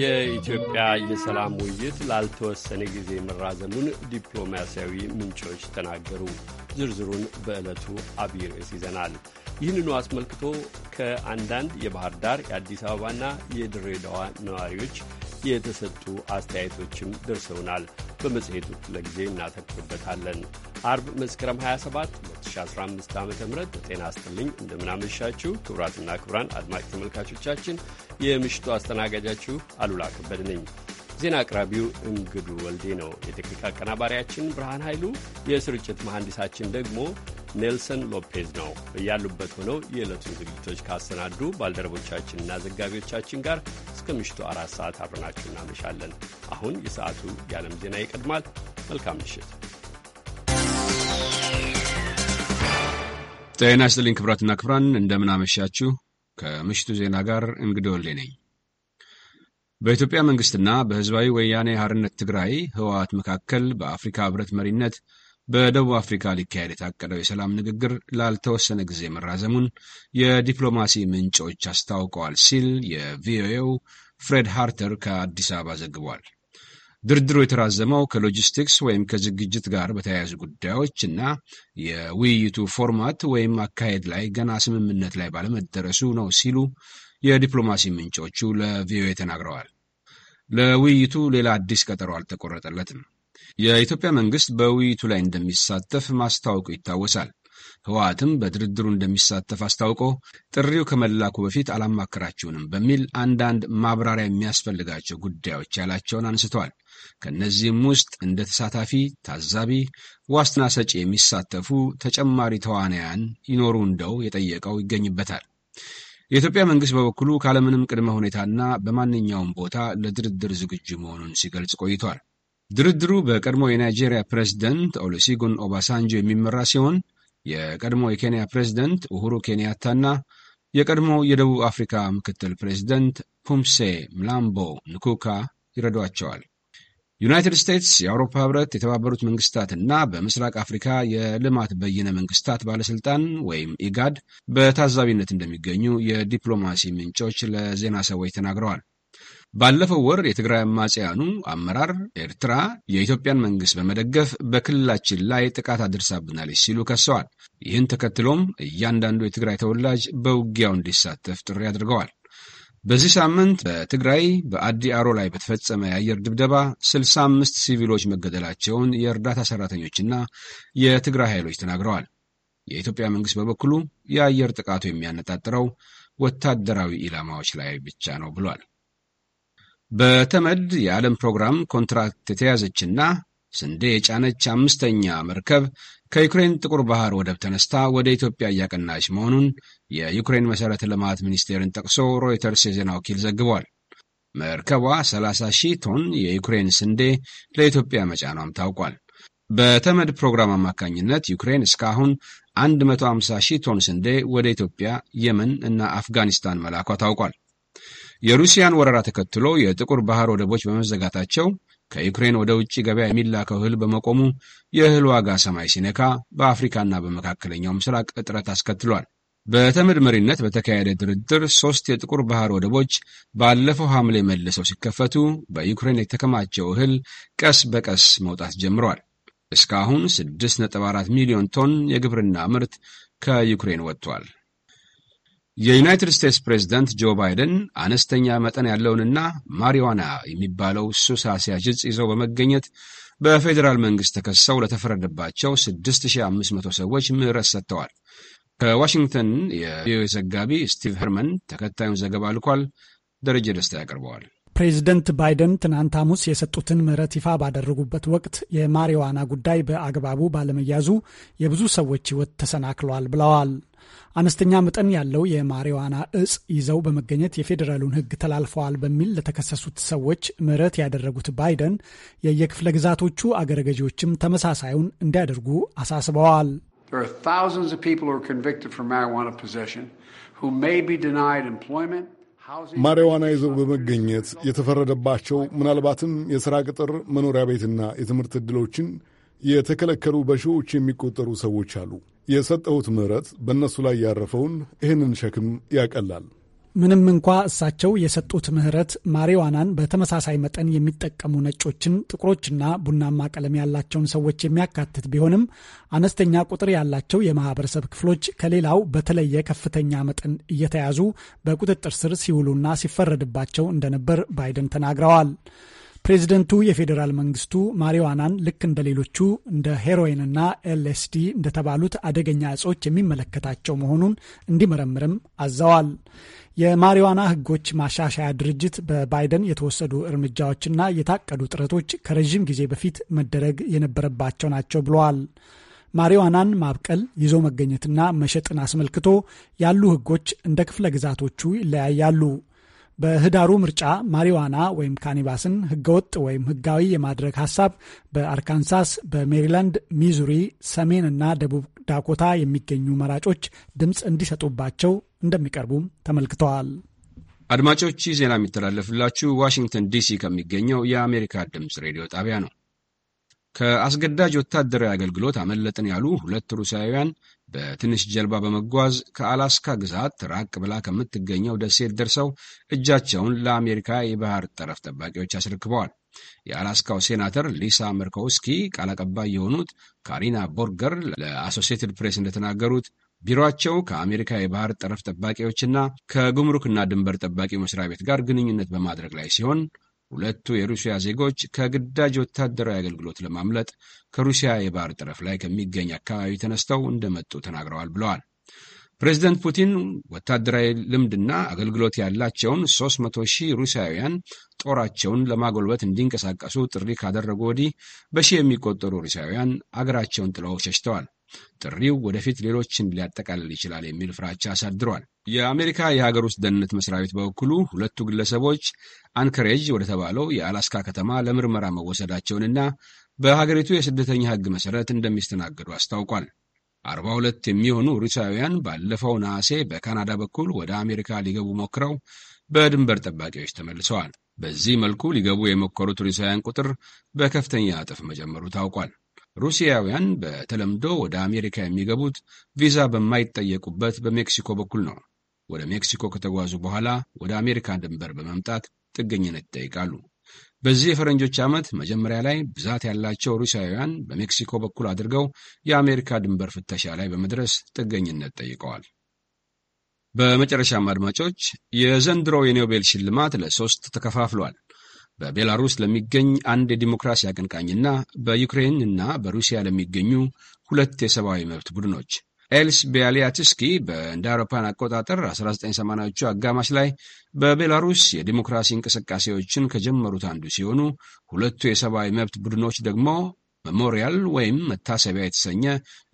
የኢትዮጵያ የሰላም ውይይት ላልተወሰነ ጊዜ መራዘሙን ዲፕሎማሲያዊ ምንጮች ተናገሩ። ዝርዝሩን በዕለቱ አብይ ርዕስ ይዘናል። ይህንኑ አስመልክቶ ከአንዳንድ የባህር ዳር የአዲስ አበባና የድሬዳዋ ነዋሪዎች የተሰጡ አስተያየቶችም ደርሰውናል። በመጽሔቱ ክፍለ ጊዜ እናተኩርበታለን። አርብ መስከረም 27 2015 ዓ ም ጤና ይስጥልኝ። እንደምናመሻችሁ ክቡራትና ክቡራን አድማጭ ተመልካቾቻችን የምሽቱ አስተናጋጃችሁ አሉላ ከበድ ነኝ። ዜና አቅራቢው እንግዱ ወልዴ ነው። የቴክኒክ አቀናባሪያችን ብርሃን ኃይሉ፣ የስርጭት መሐንዲሳችን ደግሞ ኔልሰን ሎፔዝ ነው። እያሉበት ሆነው የዕለቱን ዝግጅቶች ካሰናዱ ባልደረቦቻችንና ዘጋቢዎቻችን ጋር እስከ ምሽቱ አራት ሰዓት አብረናችሁ እናመሻለን። አሁን የሰዓቱ የዓለም ዜና ይቀድማል። መልካም ምሽት። ጤና ይስጥልኝ ክብራትና ክብራን፣ እንደምን አመሻችሁ። ከምሽቱ ዜና ጋር እንግዲህ ነኝ። በኢትዮጵያ መንግስትና በህዝባዊ ወያኔ ሀርነት ትግራይ ህወሓት መካከል በአፍሪካ ህብረት መሪነት በደቡብ አፍሪካ ሊካሄድ የታቀደው የሰላም ንግግር ላልተወሰነ ጊዜ መራዘሙን የዲፕሎማሲ ምንጮች አስታውቀዋል ሲል የቪኦኤው ፍሬድ ሃርተር ከአዲስ አበባ ዘግቧል። ድርድሩ የተራዘመው ከሎጂስቲክስ ወይም ከዝግጅት ጋር በተያያዙ ጉዳዮች እና የውይይቱ ፎርማት ወይም አካሄድ ላይ ገና ስምምነት ላይ ባለመደረሱ ነው ሲሉ የዲፕሎማሲ ምንጮቹ ለቪኦኤ ተናግረዋል። ለውይይቱ ሌላ አዲስ ቀጠሮ አልተቆረጠለትም። የኢትዮጵያ መንግስት በውይይቱ ላይ እንደሚሳተፍ ማስታወቁ ይታወሳል። ህወሓትም በድርድሩ እንደሚሳተፍ አስታውቆ ጥሪው ከመላኩ በፊት አላማከራችሁንም በሚል አንዳንድ ማብራሪያ የሚያስፈልጋቸው ጉዳዮች ያላቸውን አንስተዋል። ከእነዚህም ውስጥ እንደ ተሳታፊ ታዛቢ፣ ዋስትና ሰጪ የሚሳተፉ ተጨማሪ ተዋናያን ይኖሩ እንደው የጠየቀው ይገኝበታል። የኢትዮጵያ መንግስት በበኩሉ ካለምንም ቅድመ ሁኔታና በማንኛውም ቦታ ለድርድር ዝግጁ መሆኑን ሲገልጽ ቆይቷል። ድርድሩ በቀድሞ የናይጄሪያ ፕሬዝደንት ኦሉሴጉን ኦባሳንጆ የሚመራ ሲሆን የቀድሞ የኬንያ ፕሬዝደንት ኡሁሩ ኬንያታና የቀድሞ የደቡብ አፍሪካ ምክትል ፕሬዝደንት ፑምሴ ምላምቦ ንኩካ ይረዷቸዋል። ዩናይትድ ስቴትስ፣ የአውሮፓ ህብረት፣ የተባበሩት መንግስታት እና በምስራቅ አፍሪካ የልማት በይነ መንግስታት ባለስልጣን ወይም ኢጋድ በታዛቢነት እንደሚገኙ የዲፕሎማሲ ምንጮች ለዜና ሰዎች ተናግረዋል። ባለፈው ወር የትግራይ አማጽያኑ አመራር ኤርትራ የኢትዮጵያን መንግስት በመደገፍ በክልላችን ላይ ጥቃት አድርሳብናለች ሲሉ ከሰዋል። ይህን ተከትሎም እያንዳንዱ የትግራይ ተወላጅ በውጊያው እንዲሳተፍ ጥሪ አድርገዋል። በዚህ ሳምንት በትግራይ በአዲ አሮ ላይ በተፈጸመ የአየር ድብደባ 65 ሲቪሎች መገደላቸውን የእርዳታ ሠራተኞችና የትግራይ ኃይሎች ተናግረዋል። የኢትዮጵያ መንግሥት በበኩሉ የአየር ጥቃቱ የሚያነጣጥረው ወታደራዊ ኢላማዎች ላይ ብቻ ነው ብሏል። በተመድ የዓለም ፕሮግራም ኮንትራክት የተያዘችና ስንዴ የጫነች አምስተኛ መርከብ ከዩክሬን ጥቁር ባህር ወደብ ተነስታ ወደ ኢትዮጵያ እያቀናች መሆኑን የዩክሬን መሠረተ ልማት ሚኒስቴርን ጠቅሶ ሮይተርስ የዜና ወኪል ዘግቧል። መርከቧ 30 ሺህ ቶን የዩክሬን ስንዴ ለኢትዮጵያ መጫኗም ታውቋል። በተመድ ፕሮግራም አማካኝነት ዩክሬን እስካሁን 150 ሺህ ቶን ስንዴ ወደ ኢትዮጵያ፣ የመን እና አፍጋኒስታን መላኳ ታውቋል። የሩሲያን ወረራ ተከትሎ የጥቁር ባህር ወደቦች በመዘጋታቸው ከዩክሬን ወደ ውጭ ገበያ የሚላከው እህል በመቆሙ የእህል ዋጋ ሰማይ ሲነካ በአፍሪካና በመካከለኛው ምስራቅ እጥረት አስከትሏል። በተመድ መሪነት በተካሄደ ድርድር ሦስት የጥቁር ባህር ወደቦች ባለፈው ሐምሌ መልሰው ሲከፈቱ በዩክሬን የተከማቸው እህል ቀስ በቀስ መውጣት ጀምሯል። እስካሁን 6.4 ሚሊዮን ቶን የግብርና ምርት ከዩክሬን ወጥቷል። የዩናይትድ ስቴትስ ፕሬዝደንት ጆ ባይደን አነስተኛ መጠን ያለውንና ማሪዋና የሚባለው ሱስ አስያዥ ዕጽ ይዘው በመገኘት በፌዴራል መንግሥት ተከሰው ለተፈረደባቸው 6500 ሰዎች ምህረት ሰጥተዋል። ከዋሽንግተን የቪኦኤ ዘጋቢ ስቲቭ ሄርመን ተከታዩን ዘገባ ልኳል። ደረጀ ደስታ ያቀርበዋል። ፕሬዚደንት ባይደን ትናንት ሐሙስ የሰጡትን ምህረት ይፋ ባደረጉበት ወቅት የማሪዋና ጉዳይ በአግባቡ ባለመያዙ የብዙ ሰዎች ሕይወት ተሰናክሏል ብለዋል። አነስተኛ መጠን ያለው የማሪዋና እጽ ይዘው በመገኘት የፌዴራሉን ሕግ ተላልፈዋል በሚል ለተከሰሱት ሰዎች ምህረት ያደረጉት ባይደን የየክፍለ ግዛቶቹ አገረ ገዢዎችም ተመሳሳዩን እንዲያደርጉ አሳስበዋል። ማሪዋና ይዘው በመገኘት የተፈረደባቸው ምናልባትም የሥራ ቅጥር፣ መኖሪያ ቤትና የትምህርት ዕድሎችን የተከለከሉ በሺዎች የሚቆጠሩ ሰዎች አሉ። የሰጠሁት ምሕረት በእነሱ ላይ ያረፈውን ይህንን ሸክም ያቀላል። ምንም እንኳ እሳቸው የሰጡት ምሕረት ማሪዋናን በተመሳሳይ መጠን የሚጠቀሙ ነጮችን፣ ጥቁሮችና ቡናማ ቀለም ያላቸውን ሰዎች የሚያካትት ቢሆንም አነስተኛ ቁጥር ያላቸው የማህበረሰብ ክፍሎች ከሌላው በተለየ ከፍተኛ መጠን እየተያዙ በቁጥጥር ስር ሲውሉና ሲፈረድባቸው እንደነበር ባይደን ተናግረዋል። ፕሬዚደንቱ የፌዴራል መንግስቱ ማሪዋናን ልክ እንደ ሌሎቹ እንደ ሄሮይንና ኤልኤስዲ እንደተባሉት አደገኛ እጾች የሚመለከታቸው መሆኑን እንዲመረምርም አዘዋል። የማሪዋና ህጎች ማሻሻያ ድርጅት በባይደን የተወሰዱ እርምጃዎችና የታቀዱ ጥረቶች ከረዥም ጊዜ በፊት መደረግ የነበረባቸው ናቸው ብለዋል። ማሪዋናን ማብቀል፣ ይዞ መገኘትና መሸጥን አስመልክቶ ያሉ ህጎች እንደ ክፍለ ግዛቶቹ ይለያያሉ። በህዳሩ ምርጫ ማሪዋና ወይም ካኒባስን ህገወጥ ወይም ህጋዊ የማድረግ ሀሳብ በአርካንሳስ፣ በሜሪላንድ፣ ሚዙሪ፣ ሰሜን እና ደቡብ ዳኮታ የሚገኙ መራጮች ድምፅ እንዲሰጡባቸው እንደሚቀርቡም ተመልክተዋል። አድማጮች ዜና የሚተላለፍላችሁ ዋሽንግተን ዲሲ ከሚገኘው የአሜሪካ ድምፅ ሬዲዮ ጣቢያ ነው። ከአስገዳጅ ወታደራዊ አገልግሎት አመለጥን ያሉ ሁለት ሩሲያውያን በትንሽ ጀልባ በመጓዝ ከአላስካ ግዛት ራቅ ብላ ከምትገኘው ደሴት ደርሰው እጃቸውን ለአሜሪካ የባህር ጠረፍ ጠባቂዎች አስረክበዋል። የአላስካው ሴናተር ሊሳ መርኮውስኪ ቃል አቀባይ የሆኑት ካሪና ቦርገር ለአሶሲየትድ ፕሬስ እንደተናገሩት ቢሮቸው ከአሜሪካ የባህር ጠረፍ ጠባቂዎችና ከጉምሩክና ድንበር ጠባቂ መስሪያ ቤት ጋር ግንኙነት በማድረግ ላይ ሲሆን ሁለቱ የሩሲያ ዜጎች ከግዳጅ ወታደራዊ አገልግሎት ለማምለጥ ከሩሲያ የባህር ጠረፍ ላይ ከሚገኝ አካባቢ ተነስተው እንደመጡ ተናግረዋል ብለዋል። ፕሬዚደንት ፑቲን ወታደራዊ ልምድና አገልግሎት ያላቸውን 300 ሺህ ሩሲያውያን ጦራቸውን ለማጎልበት እንዲንቀሳቀሱ ጥሪ ካደረጉ ወዲህ በሺህ የሚቆጠሩ ሩሲያውያን አገራቸውን ጥለው ሸሽተዋል። ጥሪው ወደፊት ሌሎችን ሊያጠቃልል ይችላል የሚል ፍራቻ አሳድሯል። የአሜሪካ የሀገር ውስጥ ደህንነት መስሪያ ቤት በበኩሉ ሁለቱ ግለሰቦች አንከሬጅ ወደተባለው የአላስካ ከተማ ለምርመራ መወሰዳቸውንና በሀገሪቱ የስደተኛ ሕግ መሠረት እንደሚስተናገዱ አስታውቋል። አርባ ሁለት የሚሆኑ ሩሲያውያን ባለፈው ነሐሴ በካናዳ በኩል ወደ አሜሪካ ሊገቡ ሞክረው በድንበር ጠባቂዎች ተመልሰዋል። በዚህ መልኩ ሊገቡ የሞከሩት ሩሲያውያን ቁጥር በከፍተኛ እጥፍ መጨመሩ ታውቋል። ሩሲያውያን በተለምዶ ወደ አሜሪካ የሚገቡት ቪዛ በማይጠየቁበት በሜክሲኮ በኩል ነው። ወደ ሜክሲኮ ከተጓዙ በኋላ ወደ አሜሪካ ድንበር በመምጣት ጥገኝነት ይጠይቃሉ። በዚህ የፈረንጆች ዓመት መጀመሪያ ላይ ብዛት ያላቸው ሩሲያውያን በሜክሲኮ በኩል አድርገው የአሜሪካ ድንበር ፍተሻ ላይ በመድረስ ጥገኝነት ጠይቀዋል። በመጨረሻም አድማጮች፣ የዘንድሮው የኖቤል ሽልማት ለሶስት ተከፋፍሏል። በቤላሩስ ለሚገኝ አንድ የዲሞክራሲ አቀንቃኝና በዩክሬን እና በሩሲያ ለሚገኙ ሁለት የሰብአዊ መብት ቡድኖች ኤልስ ቢያሊያትስኪ በእንደ አውሮፓን አቆጣጠር 1980ዎቹ አጋማሽ ላይ በቤላሩስ የዲሞክራሲ እንቅስቃሴዎችን ከጀመሩት አንዱ ሲሆኑ ሁለቱ የሰብአዊ መብት ቡድኖች ደግሞ መሞሪያል ወይም መታሰቢያ የተሰኘ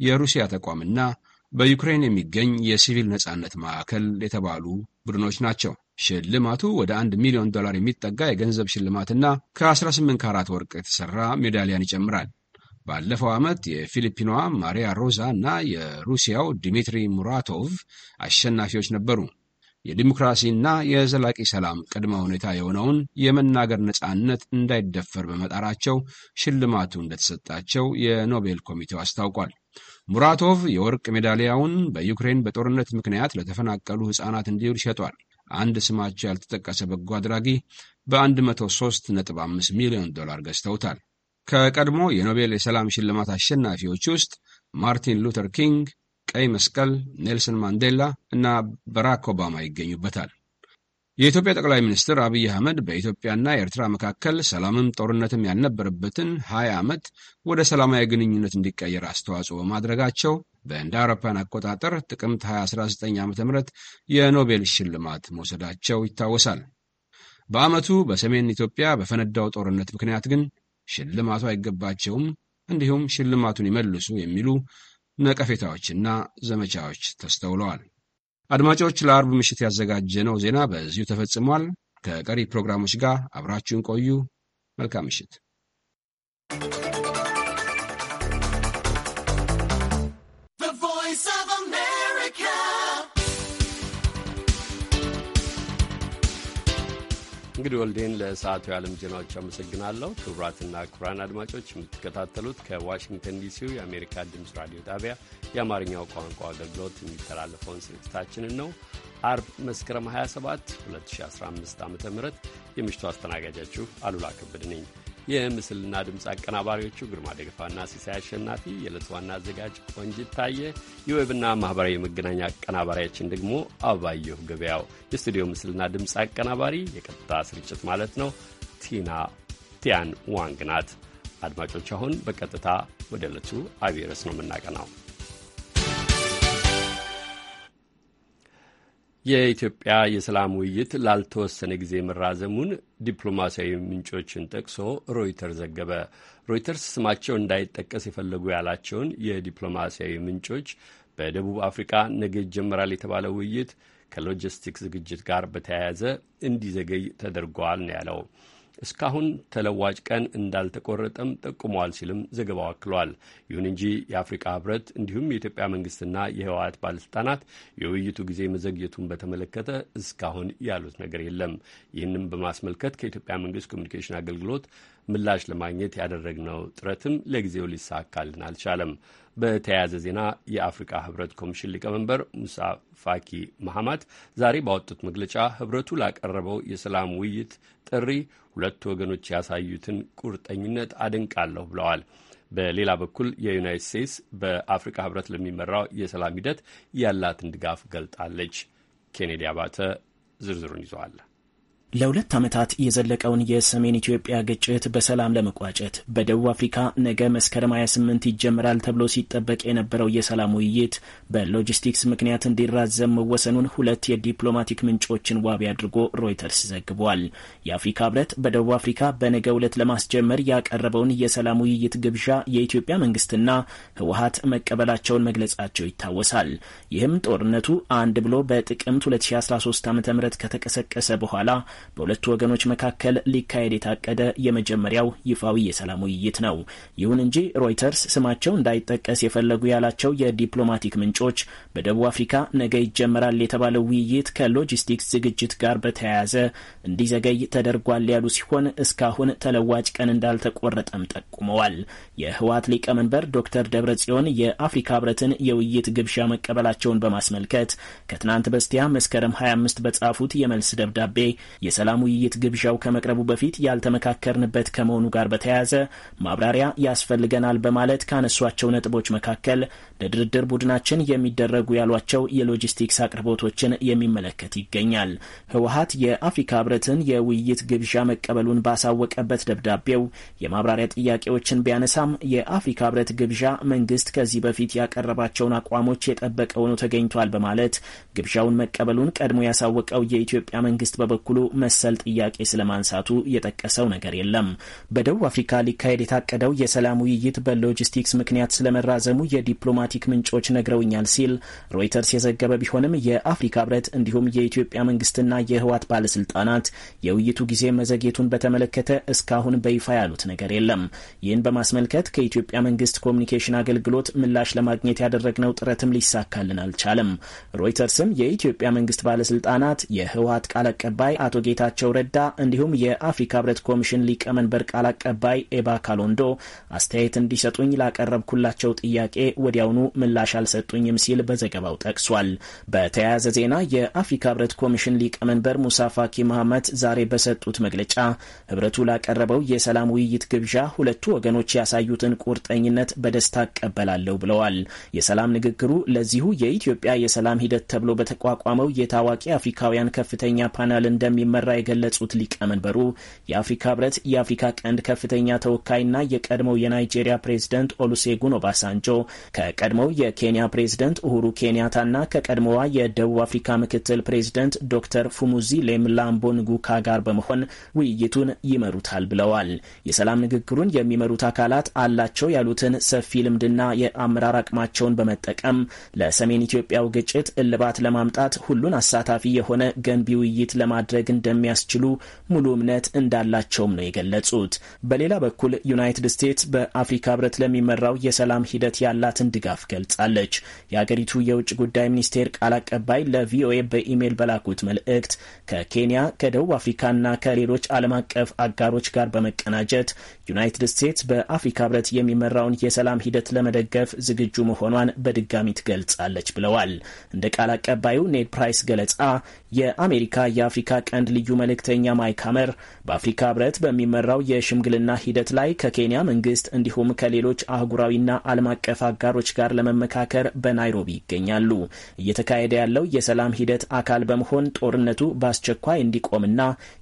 የሩሲያ ተቋምና በዩክሬን የሚገኝ የሲቪል ነጻነት ማዕከል የተባሉ ቡድኖች ናቸው። ሽልማቱ ወደ አንድ ሚሊዮን ዶላር የሚጠጋ የገንዘብ ሽልማትና ከ18 ካራት ወርቅ የተሠራ ሜዳሊያን ይጨምራል። ባለፈው ዓመት የፊሊፒኗ ማሪያ ሮዛ እና የሩሲያው ዲሚትሪ ሙራቶቭ አሸናፊዎች ነበሩ። የዲሞክራሲና የዘላቂ ሰላም ቅድመ ሁኔታ የሆነውን የመናገር ነፃነት እንዳይደፈር በመጣራቸው ሽልማቱ እንደተሰጣቸው የኖቤል ኮሚቴው አስታውቋል። ሙራቶቭ የወርቅ ሜዳሊያውን በዩክሬን በጦርነት ምክንያት ለተፈናቀሉ ሕፃናት እንዲውል ሸጧል። አንድ ስማቸው ያልተጠቀሰ በጎ አድራጊ በ103.5 ሚሊዮን ዶላር ገዝተውታል። ከቀድሞ የኖቤል የሰላም ሽልማት አሸናፊዎች ውስጥ ማርቲን ሉተር ኪንግ፣ ቀይ መስቀል፣ ኔልሰን ማንዴላ እና ባራክ ኦባማ ይገኙበታል። የኢትዮጵያ ጠቅላይ ሚኒስትር አብይ አህመድ በኢትዮጵያና ኤርትራ መካከል ሰላምም ጦርነትም ያልነበረበትን ሀያ ዓመት ወደ ሰላማዊ ግንኙነት እንዲቀየር አስተዋጽኦ በማድረጋቸው በእንደ አውሮፓውያን አቆጣጠር ጥቅምት 2019 ዓ ም የኖቤል ሽልማት መውሰዳቸው ይታወሳል። በዓመቱ በሰሜን ኢትዮጵያ በፈነዳው ጦርነት ምክንያት ግን ሽልማቱ አይገባቸውም፣ እንዲሁም ሽልማቱን ይመልሱ የሚሉ ነቀፌታዎችና ዘመቻዎች ተስተውለዋል። አድማጮች፣ ለአርብ ምሽት ያዘጋጀነው ዜና በዚሁ ተፈጽሟል። ከቀሪ ፕሮግራሞች ጋር አብራችሁን ቆዩ። መልካም ምሽት። እንግዲህ ወልዴን ለሰዓቱ የዓለም ዜናዎች አመሰግናለሁ። ክቡራትና ክቡራን አድማጮች የምትከታተሉት ከዋሽንግተን ዲሲው የአሜሪካ ድምፅ ራዲዮ ጣቢያ የአማርኛው ቋንቋ አገልግሎት የሚተላለፈውን ስርጭታችንን ነው። አርብ መስከረም 27 2015 ዓ ም የምሽቱ አስተናጋጃችሁ አሉላ ከበድ ነኝ። የምስልና ድምፅ አቀናባሪዎቹ ግርማ ደገፋና ሲሳይ አሸናፊ፣ የዕለት ዋና አዘጋጅ ቆንጅት ታየ፣ የዌብና ማኅበራዊ የመገናኛ አቀናባሪያችን ደግሞ አባየሁ ገበያው፣ የስቱዲዮ ምስልና ድምፅ አቀናባሪ የቀጥታ ስርጭት ማለት ነው ቲና ቲያን ዋንግ ናት። አድማጮች፣ አሁን በቀጥታ ወደ ዕለቱ አብይ ርዕስ ነው የምናቀናው። የኢትዮጵያ የሰላም ውይይት ላልተወሰነ ጊዜ መራዘሙን ዲፕሎማሲያዊ ምንጮችን ጠቅሶ ሮይተርስ ዘገበ። ሮይተርስ ስማቸው እንዳይጠቀስ የፈለጉ ያላቸውን የዲፕሎማሲያዊ ምንጮች በደቡብ አፍሪካ ነገ ይጀመራል የተባለው ውይይት ከሎጂስቲክስ ዝግጅት ጋር በተያያዘ እንዲዘገይ ተደርጓል ነው ያለው። እስካሁን ተለዋጭ ቀን እንዳልተቆረጠም ጠቁመዋል ሲልም ዘገባው አክሏል። ይሁን እንጂ የአፍሪካ ህብረት እንዲሁም የኢትዮጵያ መንግስትና የህወሓት ባለስልጣናት የውይይቱ ጊዜ መዘግየቱን በተመለከተ እስካሁን ያሉት ነገር የለም። ይህንም በማስመልከት ከኢትዮጵያ መንግስት ኮሚኒኬሽን አገልግሎት ምላሽ ለማግኘት ያደረግነው ጥረትም ለጊዜው ሊሳካልን አልቻለም። በተያያዘ ዜና የአፍሪካ ህብረት ኮሚሽን ሊቀመንበር ሙሳ ፋኪ መሐማት ዛሬ ባወጡት መግለጫ ህብረቱ ላቀረበው የሰላም ውይይት ጥሪ ሁለቱ ወገኖች ያሳዩትን ቁርጠኝነት አደንቃለሁ ብለዋል። በሌላ በኩል የዩናይትድ ስቴትስ በአፍሪካ ህብረት ለሚመራው የሰላም ሂደት ያላትን ድጋፍ ገልጣለች። ኬኔዲ አባተ ዝርዝሩን ይዘዋል። ለሁለት ዓመታት የዘለቀውን የሰሜን ኢትዮጵያ ግጭት በሰላም ለመቋጨት በደቡብ አፍሪካ ነገ መስከረም 28 ይጀምራል ተብሎ ሲጠበቅ የነበረው የሰላም ውይይት በሎጂስቲክስ ምክንያት እንዲራዘም መወሰኑን ሁለት የዲፕሎማቲክ ምንጮችን ዋቢ አድርጎ ሮይተርስ ዘግቧል። የአፍሪካ ህብረት በደቡብ አፍሪካ በነገ ዕለት ለማስጀመር ያቀረበውን የሰላም ውይይት ግብዣ የኢትዮጵያ መንግስትና ህወሀት መቀበላቸውን መግለጻቸው ይታወሳል። ይህም ጦርነቱ አንድ ብሎ በጥቅምት 2013 ዓ ም ከተቀሰቀሰ በኋላ በሁለቱ ወገኖች መካከል ሊካሄድ የታቀደ የመጀመሪያው ይፋዊ የሰላም ውይይት ነው። ይሁን እንጂ ሮይተርስ ስማቸው እንዳይጠቀስ የፈለጉ ያላቸው የዲፕሎማቲክ ምንጮች በደቡብ አፍሪካ ነገ ይጀመራል የተባለው ውይይት ከሎጂስቲክስ ዝግጅት ጋር በተያያዘ እንዲዘገይ ተደርጓል ያሉ ሲሆን እስካሁን ተለዋጭ ቀን እንዳልተቆረጠም ጠቁመዋል። የህወሓት ሊቀመንበር ዶክተር ደብረጽዮን የአፍሪካ ህብረትን የውይይት ግብዣ መቀበላቸውን በማስመልከት ከትናንት በስቲያ መስከረም 25 በጻፉት የመልስ ደብዳቤ የሰላም ውይይት ግብዣው ከመቅረቡ በፊት ያልተመካከርንበት ከመሆኑ ጋር በተያያዘ ማብራሪያ ያስፈልገናል በማለት ካነሷቸው ነጥቦች መካከል ለድርድር ቡድናችን የሚደረጉ ያሏቸው የሎጂስቲክስ አቅርቦቶችን የሚመለከት ይገኛል። ህወሀት የአፍሪካ ህብረትን የውይይት ግብዣ መቀበሉን ባሳወቀበት ደብዳቤው የማብራሪያ ጥያቄዎችን ቢያነሳም የአፍሪካ ህብረት ግብዣ መንግስት ከዚህ በፊት ያቀረባቸውን አቋሞች የጠበቀ ሆኖ ተገኝቷል በማለት ግብዣውን መቀበሉን ቀድሞ ያሳወቀው የኢትዮጵያ መንግስት በበኩሉ መሰል ጥያቄ ስለማንሳቱ የጠቀሰው ነገር የለም። በደቡብ አፍሪካ ሊካሄድ የታቀደው የሰላም ውይይት በሎጂስቲክስ ምክንያት ስለመራዘሙ የዲፕሎማቲክ ምንጮች ነግረውኛል ሲል ሮይተርስ የዘገበ ቢሆንም የአፍሪካ ህብረት እንዲሁም የኢትዮጵያ መንግስትና የህወሓት ባለስልጣናት የውይይቱ ጊዜ መዘግየቱን በተመለከተ እስካሁን በይፋ ያሉት ነገር የለም። ይህን በማስመልከት ከኢትዮጵያ መንግስት ኮሚኒኬሽን አገልግሎት ምላሽ ለማግኘት ያደረግነው ጥረትም ሊሳካልን አልቻለም። ሮይተርስም የኢትዮጵያ መንግስት ባለስልጣናት የህወሓት ቃል አቀባይ አቶ ጌታቸው ረዳ እንዲሁም የአፍሪካ ህብረት ኮሚሽን ሊቀመንበር ቃል አቀባይ ኤባ ካሎንዶ አስተያየት እንዲሰጡኝ ላቀረብኩላቸው ጥያቄ ወዲያውኑ ምላሽ አልሰጡኝም ሲል በዘገባው ጠቅሷል። በተያያዘ ዜና የአፍሪካ ህብረት ኮሚሽን ሊቀመንበር ሙሳ ፋኪ መሐመድ ዛሬ በሰጡት መግለጫ ህብረቱ ላቀረበው የሰላም ውይይት ግብዣ ሁለቱ ወገኖች ያሳዩትን ቁርጠኝነት በደስታ እቀበላለሁ ብለዋል። የሰላም ንግግሩ ለዚሁ የኢትዮጵያ የሰላም ሂደት ተብሎ በተቋቋመው የታዋቂ አፍሪካውያን ከፍተኛ ፓናል እንደሚ እንደሚመራ የገለጹት ሊቀመንበሩ የአፍሪካ ህብረት የአፍሪካ ቀንድ ከፍተኛ ተወካይና የቀድሞው የናይጄሪያ ፕሬዝደንት ኦሉሴጉን ኦባሳንጆ ከቀድሞው የኬንያ ፕሬዝደንት ኡሁሩ ኬንያታና ከቀድሞዋ የደቡብ አፍሪካ ምክትል ፕሬዝደንት ዶክተር ፉሙዚ ላምቦ ንጉካ ጋር በመሆን ውይይቱን ይመሩታል ብለዋል። የሰላም ንግግሩን የሚመሩት አካላት አላቸው ያሉትን ሰፊ ልምድና የአመራር አቅማቸውን በመጠቀም ለሰሜን ኢትዮጵያው ግጭት እልባት ለማምጣት ሁሉን አሳታፊ የሆነ ገንቢ ውይይት ለማድረግ እንደሚያስችሉ ሙሉ እምነት እንዳላቸውም ነው የገለጹት። በሌላ በኩል ዩናይትድ ስቴትስ በአፍሪካ ህብረት ለሚመራው የሰላም ሂደት ያላትን ድጋፍ ገልጻለች። የአገሪቱ የውጭ ጉዳይ ሚኒስቴር ቃል አቀባይ ለቪኦኤ በኢሜይል በላኩት መልእክት ከኬንያ ከደቡብ አፍሪካና ከሌሎች ዓለም አቀፍ አጋሮች ጋር በመቀናጀት ዩናይትድ ስቴትስ በአፍሪካ ህብረት የሚመራውን የሰላም ሂደት ለመደገፍ ዝግጁ መሆኗን በድጋሚ ትገልጻለች ብለዋል። እንደ ቃል አቀባዩ ኔድ ፕራይስ ገለጻ የአሜሪካ የአፍሪካ ቀንድ ልዩ መልእክተኛ ማይክ ሀመር በአፍሪካ ህብረት በሚመራው የሽምግልና ሂደት ላይ ከኬንያ መንግስት እንዲሁም ከሌሎች አህጉራዊና ዓለም አቀፍ አጋሮች ጋር ለመመካከር በናይሮቢ ይገኛሉ። እየተካሄደ ያለው የሰላም ሂደት አካል በመሆን ጦርነቱ በአስቸኳይ እንዲቆምና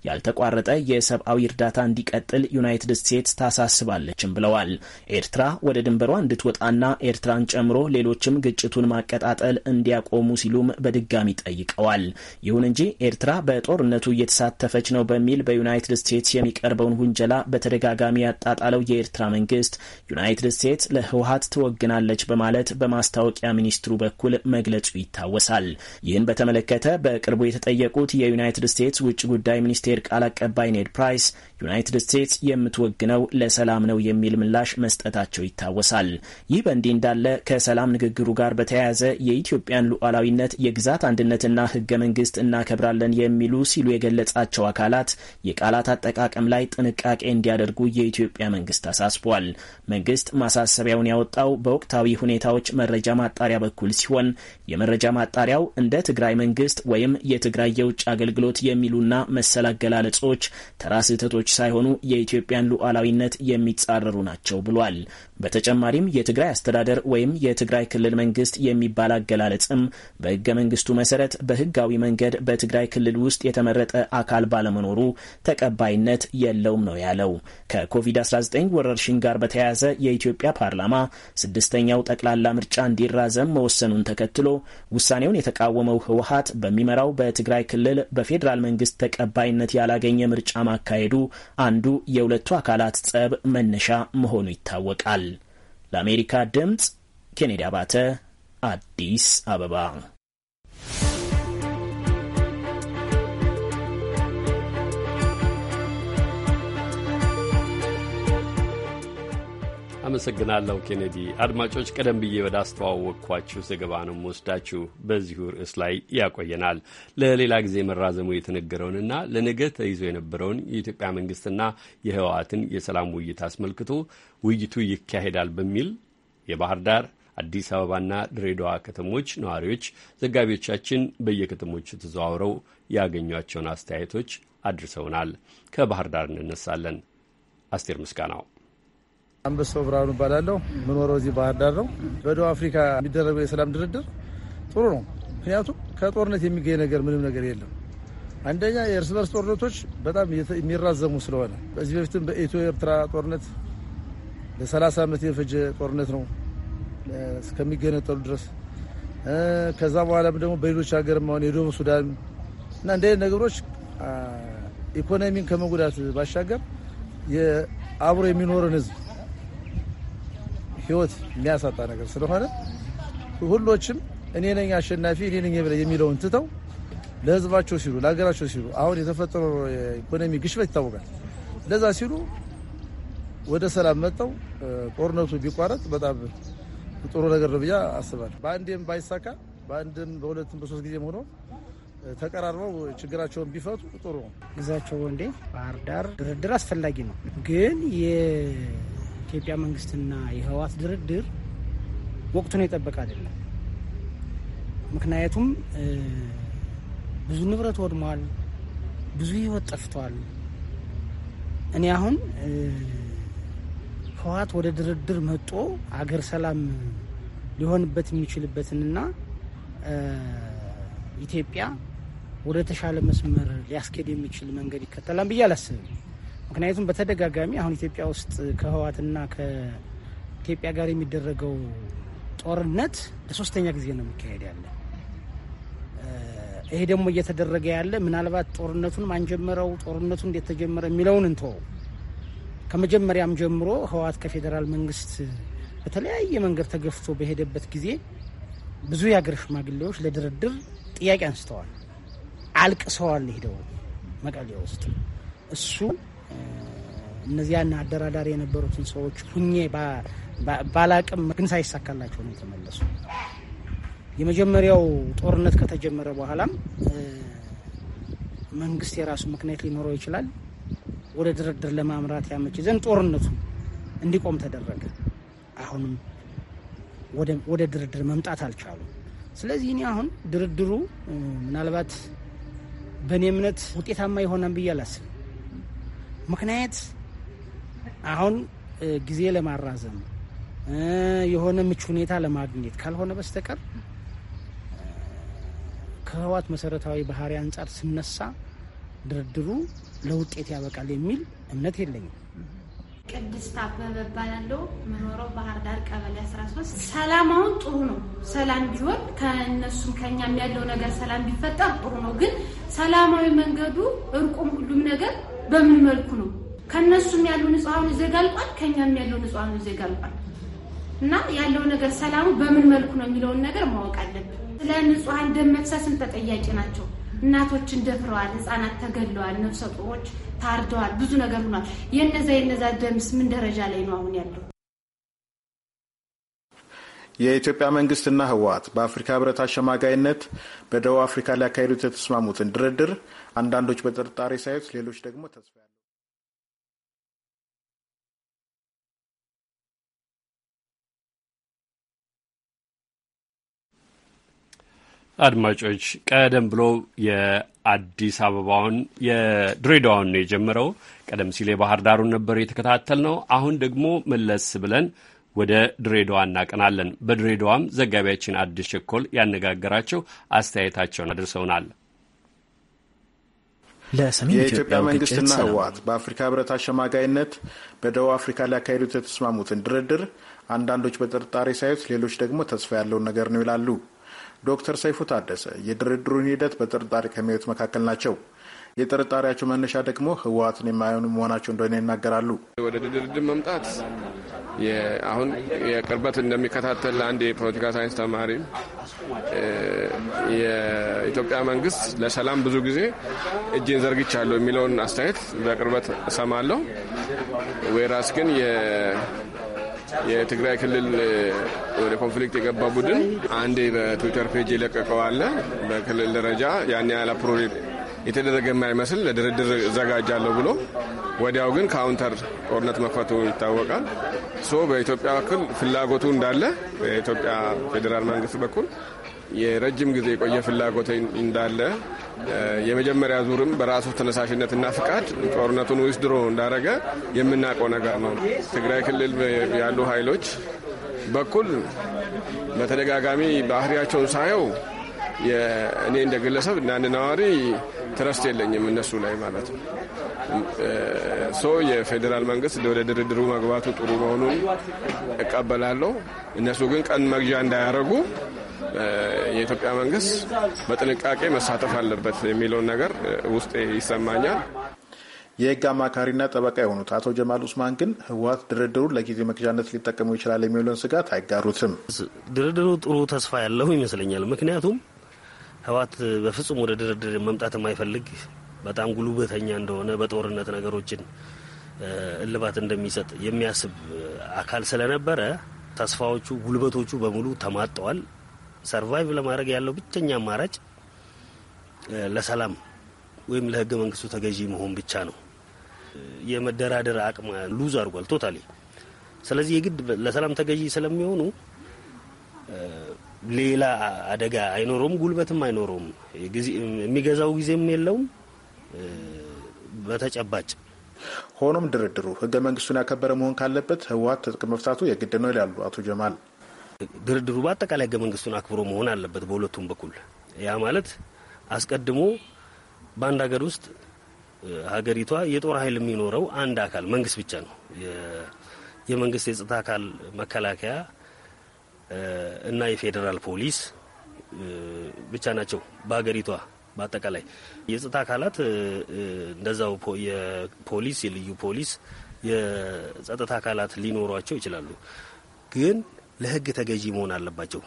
ያልተቋረጠ የሰብአዊ እርዳታ እንዲቀጥል ዩናይትድ ስቴትስ ታሳስባለችም ብለዋል። ኤርትራ ወደ ድንበሯ እንድትወጣና ኤርትራን ጨምሮ ሌሎችም ግጭቱን ማቀጣጠል እንዲያቆሙ ሲሉም በድጋሚ ጠይቀዋል። ይሁን እንጂ ኤርትራ በጦርነቱ እየተሳተፈች ነው በሚል በዩናይትድ ስቴትስ የሚቀርበውን ውንጀላ በተደጋጋሚ ያጣጣለው የኤርትራ መንግስት ዩናይትድ ስቴትስ ለህወሀት ትወግናለች በማለት በማስታወቂያ ሚኒስትሩ በኩል መግለጹ ይታወሳል። ይህን በተመለከተ በቅርቡ የተጠየቁት የዩናይትድ ስቴትስ ውጭ ጉዳይ ሚኒስቴር ቃል አቀባይ ኔድ ፕራይስ ዩናይትድ ስቴትስ የምትወግነው ለሰላም ነው የሚል ምላሽ መስጠታቸው ይታወሳል። ይህ በእንዲህ እንዳለ ከሰላም ንግግሩ ጋር በተያያዘ የኢትዮጵያን ሉዓላዊነት፣ የግዛት አንድነትና ህገ መንግስት እናከብራለን የሚሉ ሲሉ የገለጻቸው አካላት የቃላት አጠቃቀም ላይ ጥንቃቄ እንዲያደርጉ የኢትዮጵያ መንግስት አሳስቧል። መንግስት ማሳሰቢያውን ያወጣው በወቅታዊ ሁኔታዎች መረጃ ማጣሪያ በኩል ሲሆን የመረጃ ማጣሪያው እንደ ትግራይ መንግስት ወይም የትግራይ የውጭ አገልግሎት የሚሉና መሰል አገላለጾች ተራ ስህተቶች ሳይሆኑ የኢትዮጵያን ሉዓላዊነት የሚጻረሩ ናቸው ብሏል። በተጨማሪም የትግራይ አስተዳደር ወይም የትግራይ ክልል መንግስት የሚባል አገላለጽም በህገ መንግስቱ መሰረት በህጋዊ መንገድ በትግራይ ክልል ውስጥ የተመረጠ አካል ባለመኖሩ ተቀባይነት የለውም ነው ያለው። ከኮቪድ-19 ወረርሽኝ ጋር በተያያዘ የኢትዮጵያ ፓርላማ ስድስተኛው ጠቅላላ ምርጫ እንዲራዘም መወሰኑን ተከትሎ ውሳኔውን የተቃወመው ህወሀት በሚመራው በትግራይ ክልል በፌዴራል መንግስት ተቀባይነት ያላገኘ ምርጫ ማካሄዱ አንዱ የሁለቱ አካላት ጸብ መነሻ መሆኑ ይታወቃል። ለአሜሪካ ድምፅ ኬኔዲ አባተ አዲስ አበባ አመሰግናለሁ ኬኔዲ። አድማጮች ቀደም ብዬ ወደ አስተዋወቅኳችሁ ዘገባ ነው ወስዳችሁ በዚሁ ርዕስ ላይ ያቆየናል። ለሌላ ጊዜ መራዘሙ የተነገረውንና ለነገ ተይዞ የነበረውን የኢትዮጵያ መንግስትና የህወሓትን የሰላም ውይይት አስመልክቶ ውይይቱ ይካሄዳል በሚል የባህር ዳር አዲስ አበባና ድሬዳዋ ከተሞች ነዋሪዎች ዘጋቢዎቻችን በየከተሞቹ ተዘዋውረው ያገኟቸውን አስተያየቶች አድርሰውናል። ከባህር ዳር እንነሳለን። አስቴር ምስጋናው አንበሳው ብርሃኑ እባላለሁ። የምኖረው እዚህ ባህር ዳር ነው። በደቡብ አፍሪካ የሚደረገው የሰላም ድርድር ጥሩ ነው። ምክንያቱም ከጦርነት የሚገኝ ነገር ምንም ነገር የለም። አንደኛ የእርስ በርስ ጦርነቶች በጣም የሚራዘሙ ስለሆነ በዚህ በፊትም በኢትዮ ኤርትራ ጦርነት ለ30 ዓመት የፈጀ ጦርነት ነው እስከሚገነጠሉ ድረስ። ከዛ በኋላም ደግሞ በሌሎች ሀገርም አሁን የደቡብ ሱዳን እና እንደ ነገሮች ኢኮኖሚን ከመጉዳት ባሻገር አብሮ የሚኖርን ህዝብ ህይወት የሚያሳጣ ነገር ስለሆነ ሁሎችም እኔ ነኝ አሸናፊ እኔ ነኝ የሚለውን ትተው ለህዝባቸው ሲሉ ለሀገራቸው ሲሉ አሁን የተፈጠረው የኢኮኖሚ ግሽበት ይታወቃል። ለዛ ሲሉ ወደ ሰላም መጥተው ጦርነቱ ቢቋረጥ በጣም ጥሩ ነገር ነው ብዬ አስባለሁ። በአንዴም ባይሳካ በአንድም በሁለትም በሶስት ጊዜም ሆኖ ተቀራርበው ችግራቸውን ቢፈቱ ጥሩ ነው። ግዛቸው ወንዴ ባህር ዳር ድርድር አስፈላጊ ነው ግን የኢትዮጵያ መንግስትና የህወሓት ድርድር ወቅቱን የጠበቀ አይደለም። ምክንያቱም ብዙ ንብረት ወድሟል፣ ብዙ ህይወት ጠፍቷል። እኔ አሁን ህወሓት ወደ ድርድር መጦ አገር ሰላም ሊሆንበት የሚችልበትንና ኢትዮጵያ ወደ ተሻለ መስመር ሊያስኬድ የሚችል መንገድ ይከተላል ብዬ አላስብም። ምክንያቱም በተደጋጋሚ አሁን ኢትዮጵያ ውስጥ ከህወሓትና ከኢትዮጵያ ጋር የሚደረገው ጦርነት ለሶስተኛ ጊዜ ነው የሚካሄድ ያለ። ይሄ ደግሞ እየተደረገ ያለ ምናልባት ጦርነቱን ማን ጀመረው፣ ጦርነቱ እንዴት ተጀመረ የሚለውን እንተወው። ከመጀመሪያም ጀምሮ ህወሓት ከፌዴራል መንግስት በተለያየ መንገድ ተገፍቶ በሄደበት ጊዜ ብዙ የሀገር ሽማግሌዎች ለድርድር ጥያቄ አንስተዋል፣ አልቅሰዋል ሄደው መቀሌ ውስጥ እሱ እነዚያን አደራዳሪ የነበሩትን ሰዎች ሁኜ ባላቅም ግን ሳይሳካላቸው ነው የተመለሱ። የመጀመሪያው ጦርነት ከተጀመረ በኋላም መንግስት የራሱ ምክንያት ሊኖረው ይችላል። ወደ ድርድር ለማምራት ያመች ዘንድ ጦርነቱ እንዲቆም ተደረገ። አሁንም ወደ ድርድር መምጣት አልቻሉም። ስለዚህ እኔ አሁን ድርድሩ ምናልባት በእኔ እምነት ውጤታማ ይሆናል ብዬ አላስብም። ምክንያት አሁን ጊዜ ለማራዘም የሆነ ምቹ ሁኔታ ለማግኘት ካልሆነ በስተቀር ከህዋት መሰረታዊ ባህሪ አንጻር ስነሳ ድርድሩ ለውጤት ያበቃል የሚል እምነት የለኝም። ቅድስት አበበ እባላለሁ። የምኖረው ባህር ዳር ቀበሌ 13። ሰላም አሁን ጥሩ ነው። ሰላም ቢሆን ከእነሱም ከእኛም ያለው ነገር ሰላም ቢፈጠር ጥሩ ነው። ግን ሰላማዊ መንገዱ እርቁም ሁሉም ነገር በምን መልኩ ነው? ከእነሱም ያለው ንጹሐኑ ዜጋ አልቋል፣ ከእኛም ያለው ንጹሐኑ ዜጋ አልቋል። እና ያለው ነገር ሰላሙ በምን መልኩ ነው የሚለውን ነገር ማወቅ አለብን። ስለ ንጹሐን ደም መፍሰስም ተጠያቂ ናቸው። እናቶችን ደፍረዋል፣ ህፃናት ተገለዋል ነፍሰ ጡሮች ታርደዋል፣ ብዙ ነገር ሆኗል። የነዛ የነዛ ደምስ ምን ደረጃ ላይ ነው አሁን ያለው? የኢትዮጵያ መንግስትና ህወሀት በአፍሪካ ህብረት አሸማጋይነት በደቡብ አፍሪካ ሊያካሂዱት የተስማሙትን ድርድር አንዳንዶች በጥርጣሬ ሳዩት፣ ሌሎች ደግሞ ተስፋ ያለው አድማጮች ቀደም ብሎ የአዲስ አበባውን የድሬዳዋን ነው የጀመረው። ቀደም ሲል የባህር ዳሩን ነበር የተከታተል ነው። አሁን ደግሞ መለስ ብለን ወደ ድሬዳዋ እናቀናለን። በድሬዳዋም ዘጋቢያችን አዲስ ቸኮል ያነጋገራቸው አስተያየታቸውን አድርሰውናል። ለሰሜን የኢትዮጵያ መንግስትና ህወሀት በአፍሪካ ህብረት አሸማጋይነት በደቡብ አፍሪካ ሊያካሂዱት የተስማሙትን ድርድር አንዳንዶች በጥርጣሬ ሳዩት፣ ሌሎች ደግሞ ተስፋ ያለውን ነገር ነው ይላሉ። ዶክተር ሰይፉ ታደሰ የድርድሩን ሂደት በጥርጣሬ ከሚያዩት መካከል ናቸው። የጥርጣሬያቸው መነሻ ደግሞ ህወሓትን የማይሆኑ መሆናቸው እንደሆነ ይናገራሉ። ወደ ድርድር መምጣት አሁን የቅርበት እንደሚከታተል አንድ የፖለቲካ ሳይንስ ተማሪ የኢትዮጵያ መንግስት ለሰላም ብዙ ጊዜ እጅን ዘርግቻለሁ የሚለውን አስተያየት በቅርበት እሰማለሁ። ወይራስ ግን የትግራይ ክልል ወደ ኮንፍሊክት የገባ ቡድን አንዴ በትዊተር ፔጅ የለቀቀው አለ። በክልል ደረጃ ያን ያህል አፕሮሪ የተደረገ የማይመስል ለድርድር ዘጋጃለሁ ብሎ ወዲያው ግን ካውንተር ጦርነት መክፈቱ ይታወቃል። ሶ በኢትዮጵያ በኩል ፍላጎቱ እንዳለ በኢትዮጵያ ፌዴራል መንግስት በኩል የረጅም ጊዜ የቆየ ፍላጎት እንዳለ የመጀመሪያ ዙርም በራሱ ተነሳሽነትና ፍቃድ ጦርነቱን ድሮ እንዳረገ የምናውቀው ነገር ነው። ትግራይ ክልል ያሉ ኃይሎች በኩል በተደጋጋሚ ባህሪያቸውን ሳየው እኔ እንደ ግለሰብ እና እንደ ነዋሪ ትረስት የለኝም እነሱ ላይ ማለት ነው። ሶ የፌዴራል መንግስት ወደ ድርድሩ መግባቱ ጥሩ መሆኑን እቀበላለሁ። እነሱ ግን ቀን መግዣ እንዳያደርጉ የኢትዮጵያ መንግስት በጥንቃቄ መሳተፍ አለበት የሚለውን ነገር ውስጤ ይሰማኛል። የህግ አማካሪና ጠበቃ የሆኑት አቶ ጀማል ኡስማን ግን ህወሀት ድርድሩን ለጊዜ መግዣነት ሊጠቀሙ ይችላል የሚለውን ስጋት አይጋሩትም። ድርድሩ ጥሩ ተስፋ ያለው ይመስለኛል። ምክንያቱም ህወሓት በፍጹም ወደ ድርድር መምጣት የማይፈልግ በጣም ጉልበተኛ እንደሆነ በጦርነት ነገሮችን እልባት እንደሚሰጥ የሚያስብ አካል ስለነበረ ተስፋዎቹ፣ ጉልበቶቹ በሙሉ ተማጠዋል። ሰርቫይቭ ለማድረግ ያለው ብቸኛ አማራጭ ለሰላም ወይም ለህገ መንግስቱ ተገዢ መሆን ብቻ ነው። የመደራደር አቅም ሉዝ አድርጓል ቶታሊ። ስለዚህ የግድ ለሰላም ተገዢ ስለሚሆኑ ሌላ አደጋ አይኖረውም፣ ጉልበትም አይኖረውም፣ የሚገዛው ጊዜም የለውም። በተጨባጭ ሆኖም ድርድሩ ህገ መንግስቱን ያከበረ መሆን ካለበት ህወሀት ትጥቅ መፍታቱ የግድ ነው ይላሉ አቶ ጀማል። ድርድሩ በአጠቃላይ ህገ መንግስቱን አክብሮ መሆን አለበት በሁለቱም በኩል። ያ ማለት አስቀድሞ በአንድ ሀገር ውስጥ ሀገሪቷ የጦር ኃይል የሚኖረው አንድ አካል መንግስት ብቻ ነው። የመንግስት የጸጥታ አካል መከላከያ እና የፌዴራል ፖሊስ ብቻ ናቸው በሀገሪቷ በአጠቃላይ የጸጥታ አካላት እንደዛው የፖሊስ የልዩ ፖሊስ የጸጥታ አካላት ሊኖሯቸው ይችላሉ፣ ግን ለህግ ተገዢ መሆን አለባቸው።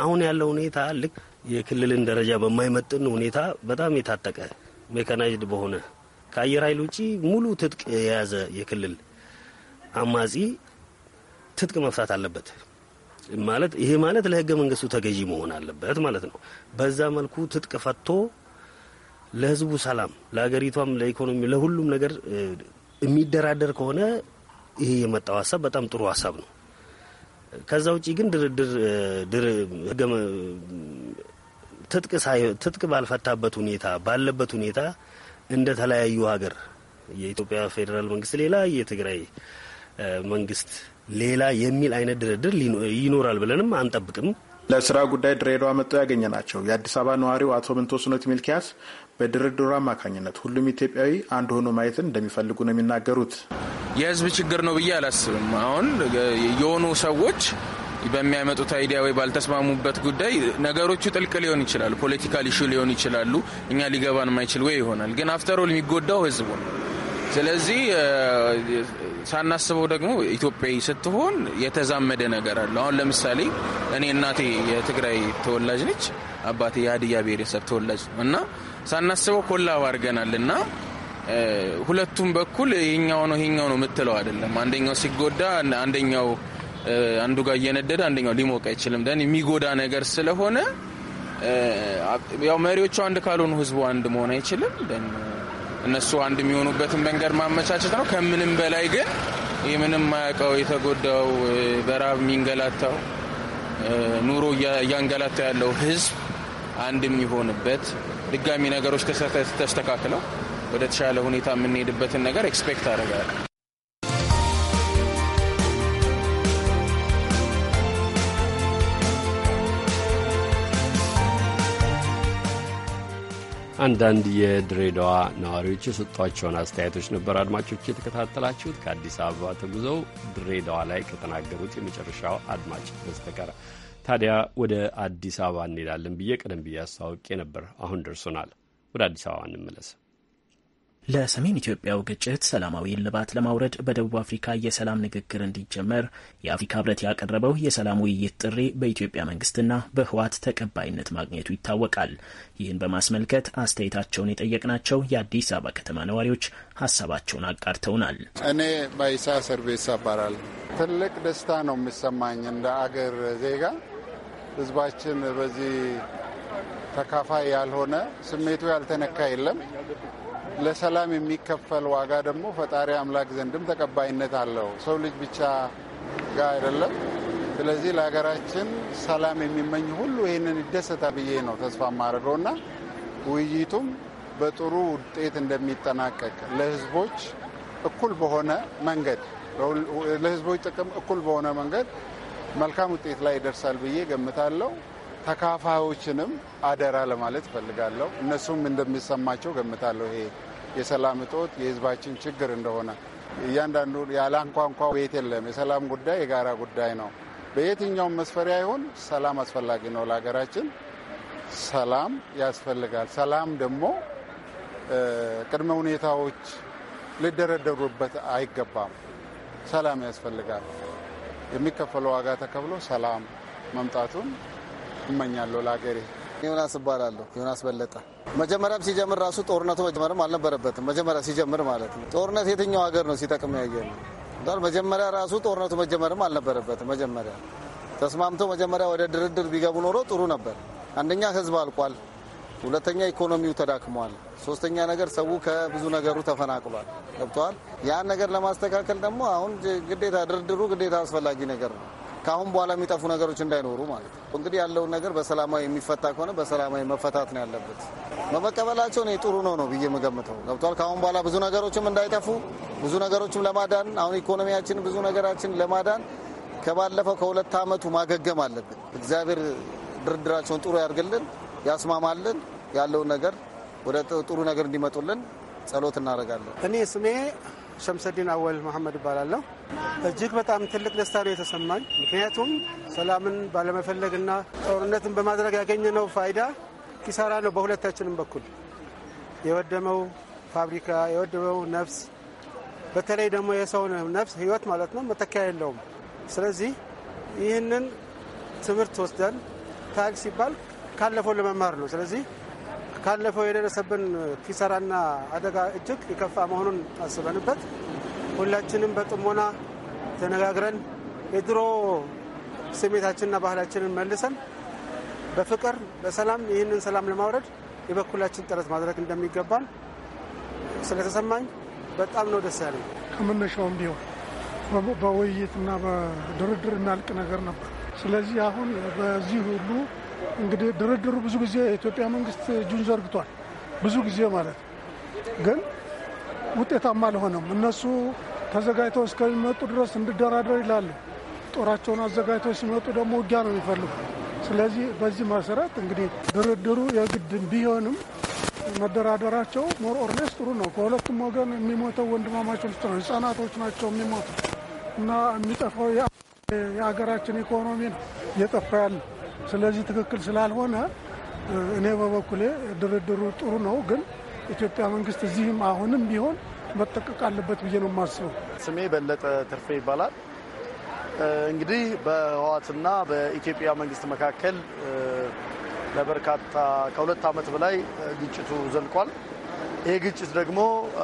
አሁን ያለው ሁኔታ ልክ የክልልን ደረጃ በማይመጥን ሁኔታ በጣም የታጠቀ ሜካናይዝድ በሆነ ከአየር ኃይል ውጪ ሙሉ ትጥቅ የያዘ የክልል አማጺ ትጥቅ መፍታት አለበት። ማለት ይሄ ማለት ለህገ መንግስቱ ተገዢ መሆን አለበት ማለት ነው። በዛ መልኩ ትጥቅ ፈቶ ለህዝቡ ሰላም፣ ለሀገሪቷም፣ ለኢኮኖሚ፣ ለሁሉም ነገር የሚደራደር ከሆነ ይሄ የመጣው ሀሳብ በጣም ጥሩ ሀሳብ ነው። ከዛ ውጪ ግን ድርድር ትጥቅ ባልፈታበት ሁኔታ ባለበት ሁኔታ እንደ ተለያዩ ሀገር የኢትዮጵያ ፌዴራል መንግስት ሌላ የትግራይ መንግስት ሌላ የሚል አይነት ድርድር ይኖራል ብለንም አንጠብቅም። ለስራ ጉዳይ ድሬዳዋ መጥተው ናቸው የአዲስ አበባ ነዋሪው አቶ ምንተወስኖት ሚልኪያስ በድርድሩ አማካኝነት ሁሉም ኢትዮጵያዊ አንድ ሆኖ ማየትን እንደሚፈልጉ ነው የሚናገሩት። የህዝብ ችግር ነው ብዬ አላስብም። አሁን የሆኑ ሰዎች በሚያመጡት አይዲያ ወይ ባልተስማሙበት ጉዳይ ነገሮቹ ጥልቅ ሊሆን ይችላሉ፣ ፖለቲካል ኢሹ ሊሆን ይችላሉ። እኛ ሊገባን ማይችል ወይ ይሆናል። ግን አፍተሮል የሚጎዳው ህዝቡ ነው። ስለዚህ ሳናስበው ደግሞ ኢትዮጵያዊ ስትሆን የተዛመደ ነገር አለ። አሁን ለምሳሌ እኔ እናቴ የትግራይ ተወላጅ ነች፣ አባቴ የሀዲያ ብሔረሰብ ተወላጅ ነው እና ሳናስበው ኮላብ አድርገናል እና ሁለቱም በኩል ይሄኛው ነው ይሄኛው ነው የምትለው አይደለም። አንደኛው ሲጎዳ አንደኛው አንዱ ጋር እየነደደ አንደኛው ሊሞቅ አይችልም። ደን የሚጎዳ ነገር ስለሆነ ያው መሪዎቹ አንድ ካልሆኑ ህዝቡ አንድ መሆን አይችልም። እነሱ አንድ የሚሆኑበትን መንገድ ማመቻቸት ነው። ከምንም በላይ ግን የምንም ማያውቀው የተጎዳው በራብ የሚንገላታው ኑሮ እያንገላታ ያለው ህዝብ አንድ የሚሆንበት ድጋሚ ነገሮች ተስተካክለው ወደ ተሻለ ሁኔታ የምንሄድበትን ነገር ኤክስፔክት አደርጋለሁ። አንዳንድ የድሬዳዋ ነዋሪዎች የሰጧቸውን አስተያየቶች ነበር። አድማጮች የተከታተላችሁት ከአዲስ አበባ ተጉዘው ድሬዳዋ ላይ ከተናገሩት የመጨረሻው አድማጭ በስተቀር። ታዲያ ወደ አዲስ አበባ እንሄዳለን ብዬ ቀደም ብዬ አስተዋውቄ ነበር። አሁን ደርሶናል። ወደ አዲስ አበባ እንመለስ። ለሰሜን ኢትዮጵያው ግጭት ሰላማዊ እልባት ለማውረድ በደቡብ አፍሪካ የሰላም ንግግር እንዲጀመር የአፍሪካ ህብረት ያቀረበው የሰላም ውይይት ጥሪ በኢትዮጵያ መንግስትና በህወሓት ተቀባይነት ማግኘቱ ይታወቃል። ይህን በማስመልከት አስተያየታቸውን የጠየቅናቸው የአዲስ አበባ ከተማ ነዋሪዎች ሀሳባቸውን አጋርተውናል። እኔ ባይሳ ሰርቤሳ እባላለሁ። ትልቅ ደስታ ነው የሚሰማኝ እንደ አገር ዜጋ ህዝባችን በዚህ ተካፋይ ያልሆነ ስሜቱ ያልተነካ የለም ለሰላም የሚከፈል ዋጋ ደግሞ ፈጣሪ አምላክ ዘንድም ተቀባይነት አለው። ሰው ልጅ ብቻ ጋር አይደለም። ስለዚህ ለሀገራችን ሰላም የሚመኝ ሁሉ ይህንን ይደሰታ ብዬ ነው ተስፋ የማደርገው እና ውይይቱም በጥሩ ውጤት እንደሚጠናቀቅ ለህዝቦች እኩል በሆነ መንገድ ለህዝቦች ጥቅም እኩል በሆነ መንገድ መልካም ውጤት ላይ ይደርሳል ብዬ ገምታለሁ። ተካፋዮችንም አደራ ለማለት እፈልጋለሁ። እነሱም እንደሚሰማቸው ገምታለሁ። ይሄ የሰላም እጦት የህዝባችን ችግር እንደሆነ እያንዳንዱ ያለ ቤት የለም። የሰላም ጉዳይ የጋራ ጉዳይ ነው። በየትኛውም መስፈሪያ ይሁን ሰላም አስፈላጊ ነው። ለሀገራችን ሰላም ያስፈልጋል። ሰላም ደግሞ ቅድመ ሁኔታዎች ሊደረደሩበት አይገባም። ሰላም ያስፈልጋል። የሚከፈለው ዋጋ ተከፍሎ ሰላም መምጣቱን እመኛለሁ ለሀገሬ። ዮናስ እባላለሁ። ዮናስ በለጠ። መጀመሪያም ሲጀምር ራሱ ጦርነቱ መጀመርም አልነበረበትም። መጀመሪያ ሲጀምር ማለት ነው። ጦርነት የትኛው ሀገር ነው ሲጠቅም ያየ ነው። መጀመሪያ ራሱ ጦርነቱ መጀመርም አልነበረበትም። መጀመሪያ ተስማምቶ መጀመሪያ ወደ ድርድር ቢገቡ ኖሮ ጥሩ ነበር። አንደኛ ህዝብ አልቋል፣ ሁለተኛ ኢኮኖሚው ተዳክሟል፣ ሶስተኛ ነገር ሰው ከብዙ ነገሩ ተፈናቅሏል። ገብተዋል። ያን ነገር ለማስተካከል ደግሞ አሁን ግዴታ ድርድሩ ግዴታ አስፈላጊ ነገር ነው። ከአሁን በኋላ የሚጠፉ ነገሮች እንዳይኖሩ ማለት ነው። እንግዲህ ያለውን ነገር በሰላማዊ የሚፈታ ከሆነ በሰላማዊ መፈታት ነው ያለበት። በመቀበላቸው እኔ ጥሩ ነው ነው ብዬ የምገምተው ገብቷል። ከአሁን በኋላ ብዙ ነገሮችም እንዳይጠፉ ብዙ ነገሮችም ለማዳን አሁን ኢኮኖሚያችን ብዙ ነገራችን ለማዳን ከባለፈው ከሁለት ዓመቱ ማገገም አለብን። እግዚአብሔር ድርድራቸውን ጥሩ ያርግልን ያስማማልን፣ ያለውን ነገር ወደ ጥሩ ነገር እንዲመጡልን ጸሎት እናደርጋለን። እኔ ስሜ ሸምሰዲን አወል መሐመድ እባላለሁ። እጅግ በጣም ትልቅ ደስታ ነው የተሰማኝ። ምክንያቱም ሰላምን ባለመፈለግና ጦርነትን በማድረግ ያገኘነው ፋይዳ ኪሳራ ነው በሁለታችንም በኩል የወደመው ፋብሪካ፣ የወደመው ነፍስ፣ በተለይ ደግሞ የሰው ነፍስ ህይወት ማለት ነው መተኪያ የለውም። ስለዚህ ይህንን ትምህርት ወስደን ታሪክ ሲባል ካለፈው ለመማር ነው። ስለዚህ ካለፈው የደረሰብን ኪሳራና አደጋ እጅግ የከፋ መሆኑን አስበንበት ሁላችንም በጥሞና ተነጋግረን የድሮ ስሜታችንና ባህላችንን መልሰን በፍቅር በሰላም ይህንን ሰላም ለማውረድ የበኩላችን ጥረት ማድረግ እንደሚገባን ስለተሰማኝ በጣም ነው ደስ ያለኝ። ከመነሻውም ቢሆን በውይይትና በድርድር የሚያልቅ ነገር ነበር። ስለዚህ አሁን በዚህ ሁሉ እንግዲህ ድርድሩ ብዙ ጊዜ የኢትዮጵያ መንግስት እጁን ዘርግቷል። ብዙ ጊዜ ማለት ግን ውጤታማ አልሆነም። እነሱ ተዘጋጅተው እስከሚመጡ ድረስ እንድደራደር ይላሉ። ጦራቸውን አዘጋጅተው ሲመጡ ደግሞ ውጊያ ነው የሚፈልጉ። ስለዚህ በዚህ መሰረት እንግዲህ ድርድሩ የግድ ቢሆንም መደራደራቸው ሞር ጥሩ ነው። ከሁለቱም ወገን የሚሞተው ወንድማማቾች ነው፣ ህጻናቶች ናቸው የሚሞቱ እና የሚጠፋው የሀገራችን ኢኮኖሚ ነው እየጠፋ ያለ ስለዚህ ትክክል ስላልሆነ እኔ በበኩሌ ድርድሩ ጥሩ ነው፣ ግን ኢትዮጵያ መንግስት እዚህም አሁንም ቢሆን መጠቀቅ አለበት ብዬ ነው የማስበው። ስሜ በለጠ ትርፌ ይባላል። እንግዲህ በህወሓትና በኢትዮጵያ መንግስት መካከል ለበርካታ ከሁለት ዓመት በላይ ግጭቱ ዘልቋል። ይህ ግጭት ደግሞ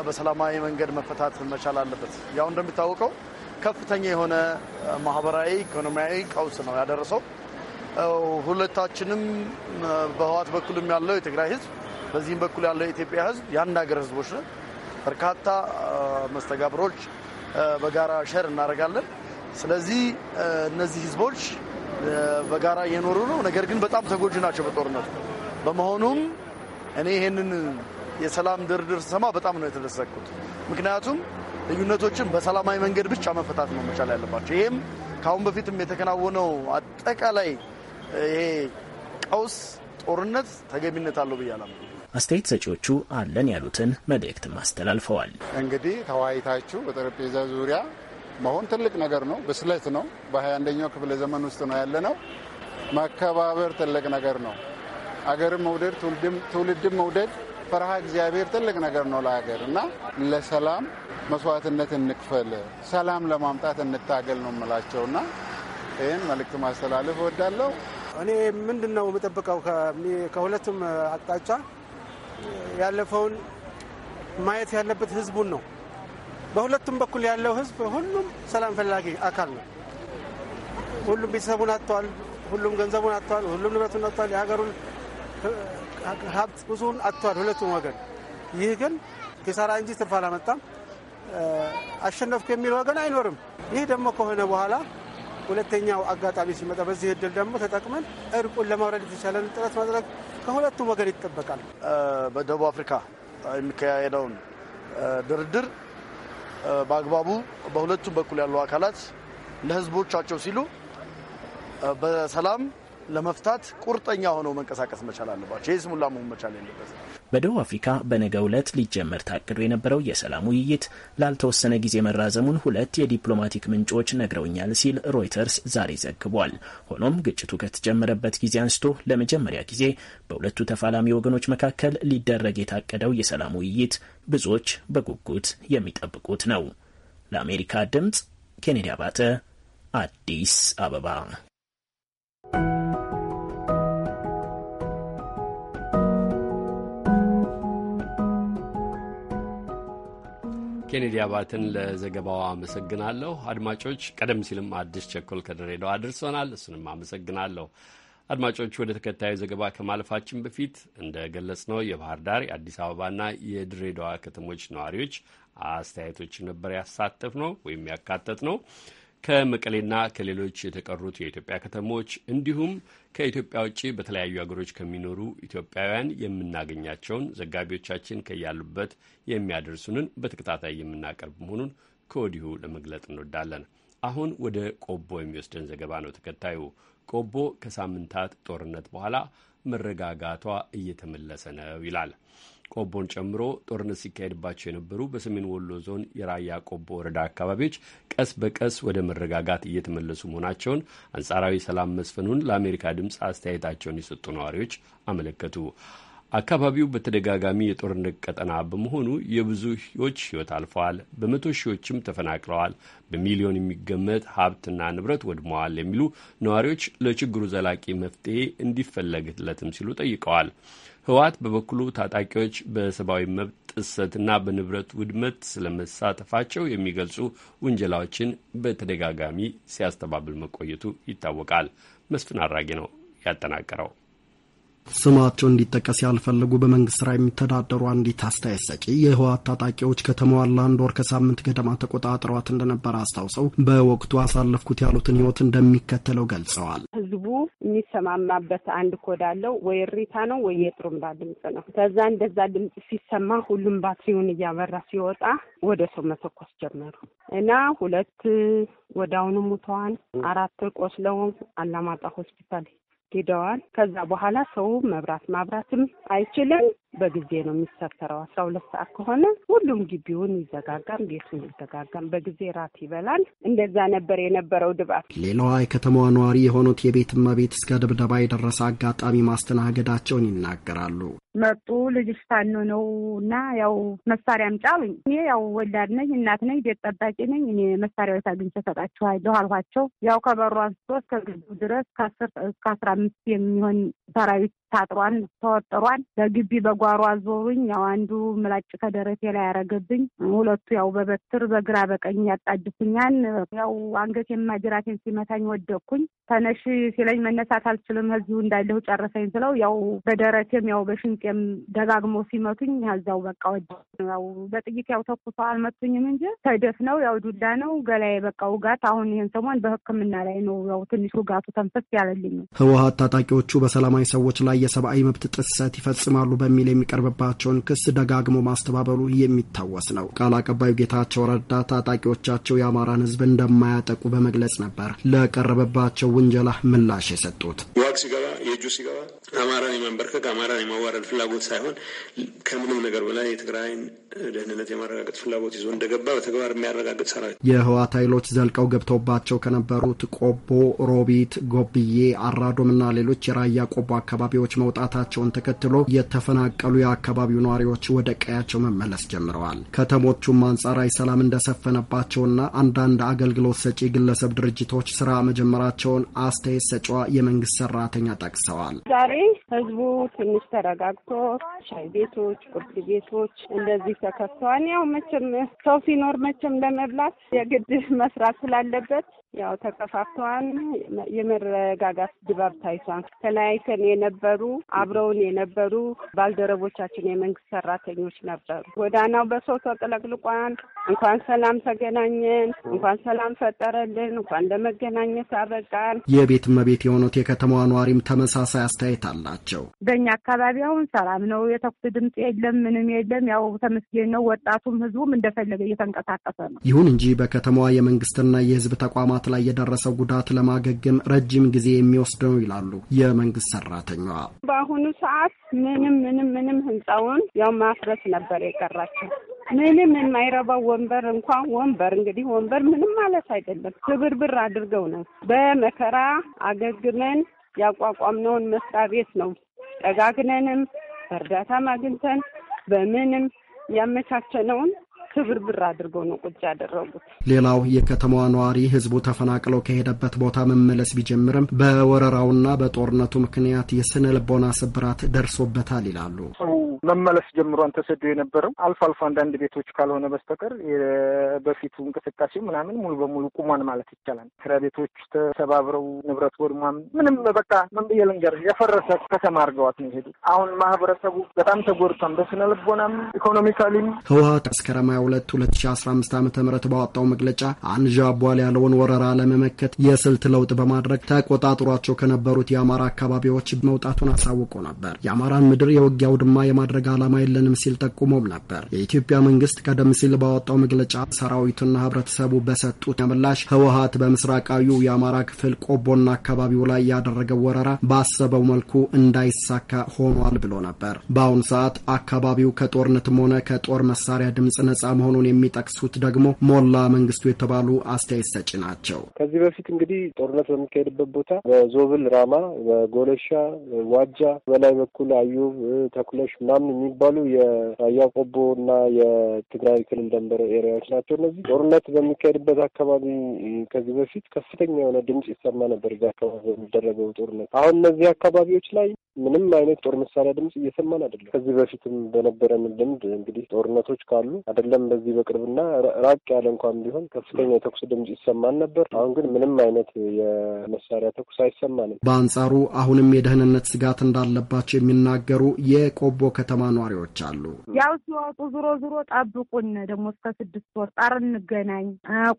በሰላማዊ መንገድ መፈታት መቻል አለበት። ያው እንደሚታወቀው ከፍተኛ የሆነ ማህበራዊ ኢኮኖሚያዊ ቀውስ ነው ያደረሰው። ሁለታችንም በህዋት በኩልም ያለው የትግራይ ህዝብ በዚህም በኩል ያለው የኢትዮጵያ ህዝብ የአንድ ሀገር ህዝቦች ነን። በርካታ መስተጋብሮች በጋራ ሸር እናደርጋለን። ስለዚህ እነዚህ ህዝቦች በጋራ እየኖሩ ነው። ነገር ግን በጣም ተጎጂ ናቸው በጦርነቱ። በመሆኑም እኔ ይህንን የሰላም ድርድር ስሰማ በጣም ነው የተደሰኩት። ምክንያቱም ልዩነቶችን በሰላማዊ መንገድ ብቻ መፈታት ነው መቻል ያለባቸው። ይህም ከአሁን በፊትም የተከናወነው አጠቃላይ ይሄ ቀውስ፣ ጦርነት ተገቢነት አለው ብዬ አላምንም። አስተያየት ሰጪዎቹ አለን ያሉትን መልእክትም አስተላልፈዋል። እንግዲህ ተወያይታችሁ በጠረጴዛ ዙሪያ መሆን ትልቅ ነገር ነው። ብስለት ነው። በሀያ አንደኛው ክፍለ ዘመን ውስጥ ነው ያለ ነው። መከባበር ትልቅ ነገር ነው። አገርን መውደድ፣ ትውልድም መውደድ፣ ፈርሃ እግዚአብሔር ትልቅ ነገር ነው ለሀገር እና ለሰላም መስዋዕትነት እንክፈል፣ ሰላም ለማምጣት እንታገል ነው የምላቸው እና ይህን መልእክት ማስተላለፍ እወዳለሁ። እኔ ምንድን ነው የምጠብቀው ከሁለቱም አቅጣጫ ያለፈውን ማየት ያለበት ህዝቡን ነው። በሁለቱም በኩል ያለው ህዝብ ሁሉም ሰላም ፈላጊ አካል ነው። ሁሉም ቤተሰቡን አተዋል ሁሉም ገንዘቡን አጥተዋል። ሁሉም ንብረቱን አጥተዋል። የሀገሩን ሀብት ብዙውን አጥተዋል ሁለቱም ወገን። ይህ ግን ኪሳራ እንጂ ትርፍ አላመጣም። አሸነፍኩ የሚል ወገን አይኖርም። ይህ ደግሞ ከሆነ በኋላ ሁለተኛው አጋጣሚ ሲመጣ በዚህ እድል ደግሞ ተጠቅመን እርቁን ለማውረድ የተቻለን ጥረት ማድረግ ከሁለቱም ወገን ይጠበቃል። በደቡብ አፍሪካ የሚካሄደውን ድርድር በአግባቡ በሁለቱም በኩል ያሉ አካላት ለህዝቦቻቸው ሲሉ በሰላም ለመፍታት ቁርጠኛ ሆነው መንቀሳቀስ መቻል አለባቸው። የስሙላ መሆን መቻል ያለበት በደቡብ አፍሪካ በነገው ዕለት ሊጀመር ታቅዶ የነበረው የሰላም ውይይት ላልተወሰነ ጊዜ መራዘሙን ሁለት የዲፕሎማቲክ ምንጮች ነግረውኛል ሲል ሮይተርስ ዛሬ ዘግቧል። ሆኖም ግጭቱ ከተጀመረበት ጊዜ አንስቶ ለመጀመሪያ ጊዜ በሁለቱ ተፋላሚ ወገኖች መካከል ሊደረግ የታቀደው የሰላም ውይይት ብዙዎች በጉጉት የሚጠብቁት ነው። ለአሜሪካ ድምፅ ኬኔዲ አባተ አዲስ አበባ ኬኔዲ አባትን ለዘገባው አመሰግናለሁ። አድማጮች፣ ቀደም ሲልም አዲስ ቸኮል ከድሬዳዋ አድርሶናል። እሱንም አመሰግናለሁ። አድማጮች ወደ ተከታዩ ዘገባ ከማለፋችን በፊት እንደ ገለጽ ነው የባህር ዳር የአዲስ አበባና የድሬዳዋ ከተሞች ነዋሪዎች አስተያየቶችን ነበር ያሳተፍ ነው ወይም ያካተት ነው። ከመቀሌና ከሌሎች የተቀሩት የኢትዮጵያ ከተሞች እንዲሁም ከኢትዮጵያ ውጭ በተለያዩ ሀገሮች ከሚኖሩ ኢትዮጵያውያን የምናገኛቸውን ዘጋቢዎቻችን ከያሉበት የሚያደርሱንን በተከታታይ የምናቀርብ መሆኑን ከወዲሁ ለመግለጥ እንወዳለን። አሁን ወደ ቆቦ የሚወስደን ዘገባ ነው ተከታዩ። ቆቦ ከሳምንታት ጦርነት በኋላ መረጋጋቷ እየተመለሰ ነው ይላል። ቆቦን ጨምሮ ጦርነት ሲካሄድባቸው የነበሩ በሰሜን ወሎ ዞን የራያ ቆቦ ወረዳ አካባቢዎች ቀስ በቀስ ወደ መረጋጋት እየተመለሱ መሆናቸውን፣ አንጻራዊ ሰላም መስፈኑን ለአሜሪካ ድምፅ አስተያየታቸውን የሰጡ ነዋሪዎች አመለከቱ። አካባቢው በተደጋጋሚ የጦርነት ቀጠና በመሆኑ የብዙ ሺዎች ሕይወት አልፈዋል፣ በመቶ ሺዎችም ተፈናቅለዋል፣ በሚሊዮን የሚገመት ሀብትና ንብረት ወድመዋል የሚሉ ነዋሪዎች ለችግሩ ዘላቂ መፍትሄ እንዲፈለግለትም ሲሉ ጠይቀዋል። ህወሓት በበኩሉ ታጣቂዎች በሰብአዊ መብት ጥሰትና በንብረት ውድመት ስለመሳተፋቸው የሚገልጹ ውንጀላዎችን በተደጋጋሚ ሲያስተባብል መቆየቱ ይታወቃል። መስፍን አራጌ ነው ያጠናቀረው። ስማቸው እንዲጠቀስ ያልፈለጉ በመንግስት ስራ የሚተዳደሩ አንዲት አስተያየት ሰጪ የህወሓት ታጣቂዎች ከተማዋን ለአንድ ወር ከሳምንት ገደማ ተቆጣጥሯት እንደነበረ አስታውሰው በወቅቱ አሳለፍኩት ያሉትን ህይወት እንደሚከተለው ገልጸዋል። ህዝቡ የሚሰማማበት አንድ ኮዳ አለው። ወይ እሪታ ነው ወይ የጥሩምባ ድምጽ ነው። ከዛ እንደዛ ድምጽ ሲሰማ ሁሉም ባትሪውን እያበራ ሲወጣ ወደ ሰው መተኮስ ጀመሩ እና ሁለት ወዳውኑ ሙተዋል፣ አራት ቆስለው አላማጣ ሆስፒታል ሄደዋል። ከዛ በኋላ ሰው መብራት ማብራትም አይችልም። በጊዜ ነው የሚሰፈረው። አስራ ሁለት ሰዓት ከሆነ ሁሉም ግቢውን ይዘጋጋም፣ ቤቱን ይዘጋጋም፣ በጊዜ ራት ይበላል። እንደዛ ነበር የነበረው ድባብ። ሌላዋ የከተማዋ ነዋሪ የሆኑት የቤትማ ቤት እስከ ድብደባ የደረሰ አጋጣሚ ማስተናገዳቸውን ይናገራሉ። መጡ ልጅሽ ታኖ ነው እና ያው መሳሪያ አምጪ አሉኝ። እኔ ያው ወላድ ነኝ፣ እናት ነኝ፣ ቤት ጠባቂ ነኝ። እኔ መሳሪያዎች አግኝቼ እሰጣችኋለሁ አልኋቸው። ያው ከበሩ አንስቶ እስከ ግቢው ድረስ ከአስር እስከ አስራ አምስት የሚሆን ሰራዊት ታጥሯን ተወጥሯን በግቢ በጓሮ አዞሩኝ። ያው አንዱ ምላጭ ከደረቴ ላይ ያረገብኝ፣ ሁለቱ ያው በበትር በግራ በቀኝ ያጣድፉኛል። ያው አንገቴ ማጅራቴን ሲመታኝ ወደኩኝ ተነሽ ሲለኝ መነሳት አልችልም እዚሁ እንዳለሁ ጨረሰኝ ስለው ያው በደረቴም ያው በሽንጤም ደጋግሞ ሲመቱኝ ያዛው በቃ ወደ ያው በጥይት ያው ተኩሰው አልመቱኝም እንጂ ነው ያው ዱላ ነው ገላዬ በቃ ውጋት። አሁን ይህን ሰሞን በሕክምና ላይ ነው። ያው ትንሽ ውጋቱ ተንፈስ ያለልኝ። ህወሀት ታጣቂዎቹ በሰላማዊ ሰዎች ላይ የሰብአዊ መብት ጥሰት ይፈጽማሉ በሚል የሚቀርብባቸውን ክስ ደጋግሞ ማስተባበሉ የሚታወስ ነው። ቃል አቀባዩ ጌታቸው ረዳ ታጣቂዎቻቸው የአማራን ህዝብ እንደማያጠቁ በመግለጽ ነበር ለቀረበባቸው ውንጀላ ምላሽ የሰጡት። ዋግ ሲገባ የእጁ ሲገባ አማራን የማንበርከክ አማራን የማዋረድ ፍላጎት ሳይሆን ከምንም ነገር በላይ የትግራይን ደህንነት የማረጋገጥ ፍላጎት ይዞ እንደገባ በተግባር የሚያረጋግጥ ሰራዊት የህወሓት ኃይሎች ዘልቀው ገብተውባቸው ከነበሩት ቆቦ፣ ሮቢት፣ ጎብዬ፣ አራዶምና ሌሎች የራያ ቆቦ አካባቢዎች ሰዎች መውጣታቸውን ተከትሎ የተፈናቀሉ የአካባቢው ነዋሪዎች ወደ ቀያቸው መመለስ ጀምረዋል። ከተሞቹም አንጻራዊ ሰላም እንደሰፈነባቸውና አንዳንድ አገልግሎት ሰጪ ግለሰብ ድርጅቶች ስራ መጀመራቸውን አስተያየት ሰጪዋ የመንግስት ሰራተኛ ጠቅሰዋል። ዛሬ ህዝቡ ትንሽ ተረጋግቶ ሻይ ቤቶች፣ ቁርስ ቤቶች እንደዚህ ተከፍተዋል። ያው መቼም ሰው ሲኖር መቼም ለመብላት የግድ መስራት ስላለበት ያው ተከፋፍተዋል። የመረጋጋት ድባብ ታይቷል። ተለያይተን የነበሩ የነበሩ አብረውን የነበሩ ባልደረቦቻችን የመንግስት ሰራተኞች ነበሩ። ጎዳናው በሰው ተጥለቅልቋን እንኳን ሰላም ተገናኘን፣ እንኳን ሰላም ፈጠረልን፣ እንኳን ለመገናኘት አበቃን። የቤት እመቤት የሆኑት የከተማዋ ነዋሪም ተመሳሳይ አስተያየት አላቸው። በእኛ አካባቢ አሁን ሰላም ነው፣ የተኩስ ድምጽ የለም፣ ምንም የለም። ያው ተመስገን ነው። ወጣቱም ህዝቡም እንደፈለገ እየተንቀሳቀሰ ነው። ይሁን እንጂ በከተማዋ የመንግስትና የህዝብ ተቋማት ላይ የደረሰው ጉዳት ለማገገም ረጅም ጊዜ የሚወስድ ነው ይላሉ የመንግስት ሰራተኛዋ። ነው። በአሁኑ ሰዓት ምንም ምንም ምንም ህንፃውን ያው ማፍረስ ነበር የቀራቸው። ምንም የማይረባው ወንበር እንኳን ወንበር እንግዲህ ወንበር ምንም ማለት አይደለም። ክብርብር አድርገው ነው በመከራ አገግመን ያቋቋምነውን መስሪያ ቤት ነው ጠጋግነንም በእርዳታም አግኝተን በምንም ያመቻቸነውን ክብርብር አድርገው ነው ቁጭ ያደረጉት። ሌላው የከተማዋ ነዋሪ ህዝቡ ተፈናቅለው ከሄደበት ቦታ መመለስ ቢጀምርም በወረራውና በጦርነቱ ምክንያት የስነ ልቦና ስብራት ደርሶበታል ይላሉ። ሰው መመለስ ጀምሯን ተሰዶ የነበረው አልፎ አልፎ አንዳንድ ቤቶች ካልሆነ በስተቀር በፊቱ እንቅስቃሴ ምናምን ሙሉ በሙሉ ቁሟን ማለት ይቻላል። መስሪያ ቤቶች ተሰባብረው ንብረት ወድሟም ምንም በቃ ምን ብዬ የፈረሰ ከተማ አድርገዋት ነው የሄዱት። አሁን ማህበረሰቡ በጣም ተጎድቷም በስነ ልቦናም ኢኮኖሚካሊም ህወሀት አስከረማ 22 2015 ዓ ም ባወጣው መግለጫ አንዣቧል ያለውን ወረራ ለመመከት የስልት ለውጥ በማድረግ ተቆጣጥሯቸው ከነበሩት የአማራ አካባቢዎች መውጣቱን አሳውቆ ነበር። የአማራን ምድር የውጊያ ውድማ የማድረግ ዓላማ የለንም ሲል ጠቁሞም ነበር። የኢትዮጵያ መንግስት ቀደም ሲል ባወጣው መግለጫ ሰራዊቱና ህብረተሰቡ በሰጡት ምላሽ ህወሀት በምስራቃዊው የአማራ ክፍል ቆቦና አካባቢው ላይ ያደረገው ወረራ ባሰበው መልኩ እንዳይሳካ ሆኗል ብሎ ነበር። በአሁኑ ሰዓት አካባቢው ከጦርነትም ሆነ ከጦር መሳሪያ ድምፅ ነጻ መሆኑን የሚጠቅሱት ደግሞ ሞላ መንግስቱ የተባሉ አስተያየት ሰጪ ናቸው። ከዚህ በፊት እንግዲህ ጦርነት በሚካሄድበት ቦታ በዞብል ራማ፣ በጎለሻ፣ ዋጃ በላይ በኩል አዩብ፣ ተኩለሽ ምናምን የሚባሉ የራያ ቆቦ እና የትግራይ ክልል ደንበር ኤሪያዎች ናቸው። እነዚህ ጦርነት በሚካሄድበት አካባቢ ከዚህ በፊት ከፍተኛ የሆነ ድምጽ ይሰማ ነበር እዚህ አካባቢ በሚደረገው ጦርነት። አሁን እነዚህ አካባቢዎች ላይ ምንም አይነት ጦር መሳሪያ ድምጽ እየሰማን አይደለም። ከዚህ በፊትም በነበረን ልምድ እንግዲህ ጦርነቶች ካሉ አይደለም አይደለም እንደዚህ በቅርብና ራቅ ያለ እንኳን ቢሆን ከፍተኛ የተኩስ ድምጽ ይሰማን ነበር። አሁን ግን ምንም አይነት የመሳሪያ ተኩስ አይሰማንም። በአንጻሩ አሁንም የደህንነት ስጋት እንዳለባቸው የሚናገሩ የቆቦ ከተማ ነዋሪዎች አሉ። ያው ሲወጡ ዙሮ ዙሮ ጠብቁን ደግሞ እስከ ስድስት ወር ጣር እንገናኝ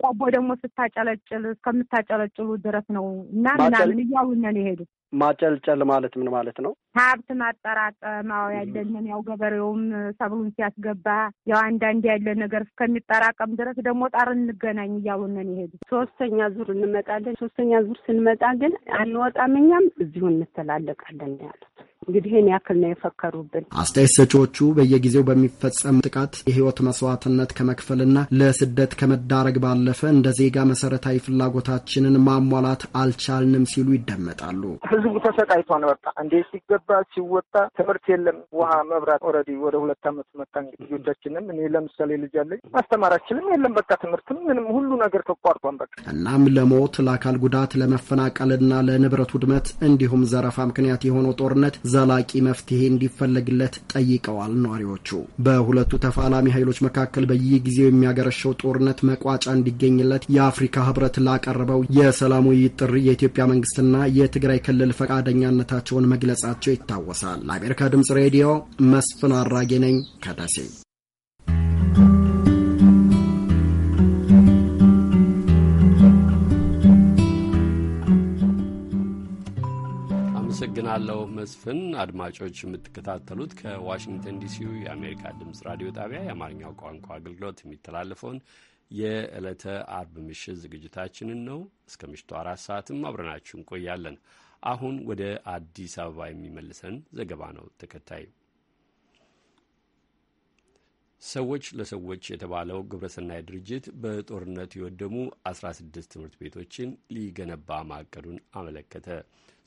ቆቦ ደግሞ ስታጨለጭል እስከምታጨለጭሉ ድረስ ነው እና ምናምን እያሉን ነው የሄዱ። ማጨልጨል ማለት ምን ማለት ነው? ሀብት ማጠራቀም ያለንም ያው ገበሬውም ሰብሉን ሲያስገባ ያው አንዳንድ ያለ ነገር እስከሚጠራቀም ድረስ ደግሞ ጣር እንገናኝ እያሉነን ይሄዱ። ሶስተኛ ዙር እንመጣለን። ሶስተኛ ዙር ስንመጣ ግን አንወጣም፣ እኛም እዚሁ እንተላለቃለን ያሉት እንግዲህ ይህን ያክል ነው የፈከሩብን። አስተያየት ሰጪዎቹ በየጊዜው በሚፈጸም ጥቃት የህይወት መስዋዕትነት ከመክፈልና ለስደት ከመዳረግ ባለፈ እንደ ዜጋ መሰረታዊ ፍላጎታችንን ማሟላት አልቻልንም ሲሉ ይደመጣሉ። ህዝቡ ተሰቃይቷን በቃ እንዴ ሲገባ ሲወጣ ትምህርት የለም፣ ውሃ፣ መብራት ኦልሬዲ ወደ ሁለት አመት መታ ልጆቻችንም እኔ ለምሳሌ ልጅ አለኝ ማስተማራችንም የለም በቃ ትምህርትም ምንም ሁሉ ነገር ተቋርጧን በቃ እናም ለሞት ለአካል ጉዳት ለመፈናቀልና ለንብረት ውድመት እንዲሁም ዘረፋ ምክንያት የሆነው ጦርነት ዘላቂ መፍትሄ እንዲፈለግለት ጠይቀዋል ነዋሪዎቹ። በሁለቱ ተፋላሚ ኃይሎች መካከል በየጊዜው የሚያገረሸው ጦርነት መቋጫ እንዲገኝለት የአፍሪካ ህብረት ላቀረበው የሰላም ውይይት ጥሪ የኢትዮጵያ መንግስትና የትግራይ ክልል ፈቃደኛነታቸውን መግለጻቸው ይታወሳል። ለአሜሪካ ድምጽ ሬዲዮ መስፍን አራጌ ነኝ ከደሴ። አመሰግናለሁ መስፍን። አድማጮች የምትከታተሉት ከዋሽንግተን ዲሲው የአሜሪካ ድምፅ ራዲዮ ጣቢያ የአማርኛው ቋንቋ አገልግሎት የሚተላለፈውን የዕለተ አርብ ምሽት ዝግጅታችንን ነው። እስከ ምሽቱ አራት ሰዓትም አብረናችሁ እንቆያለን። አሁን ወደ አዲስ አበባ የሚመልሰን ዘገባ ነው ተከታይ ሰዎች ለሰዎች የተባለው ግብረሰናይ ድርጅት በጦርነት የወደሙ 16 ትምህርት ቤቶችን ሊገነባ ማቀዱን አመለከተ።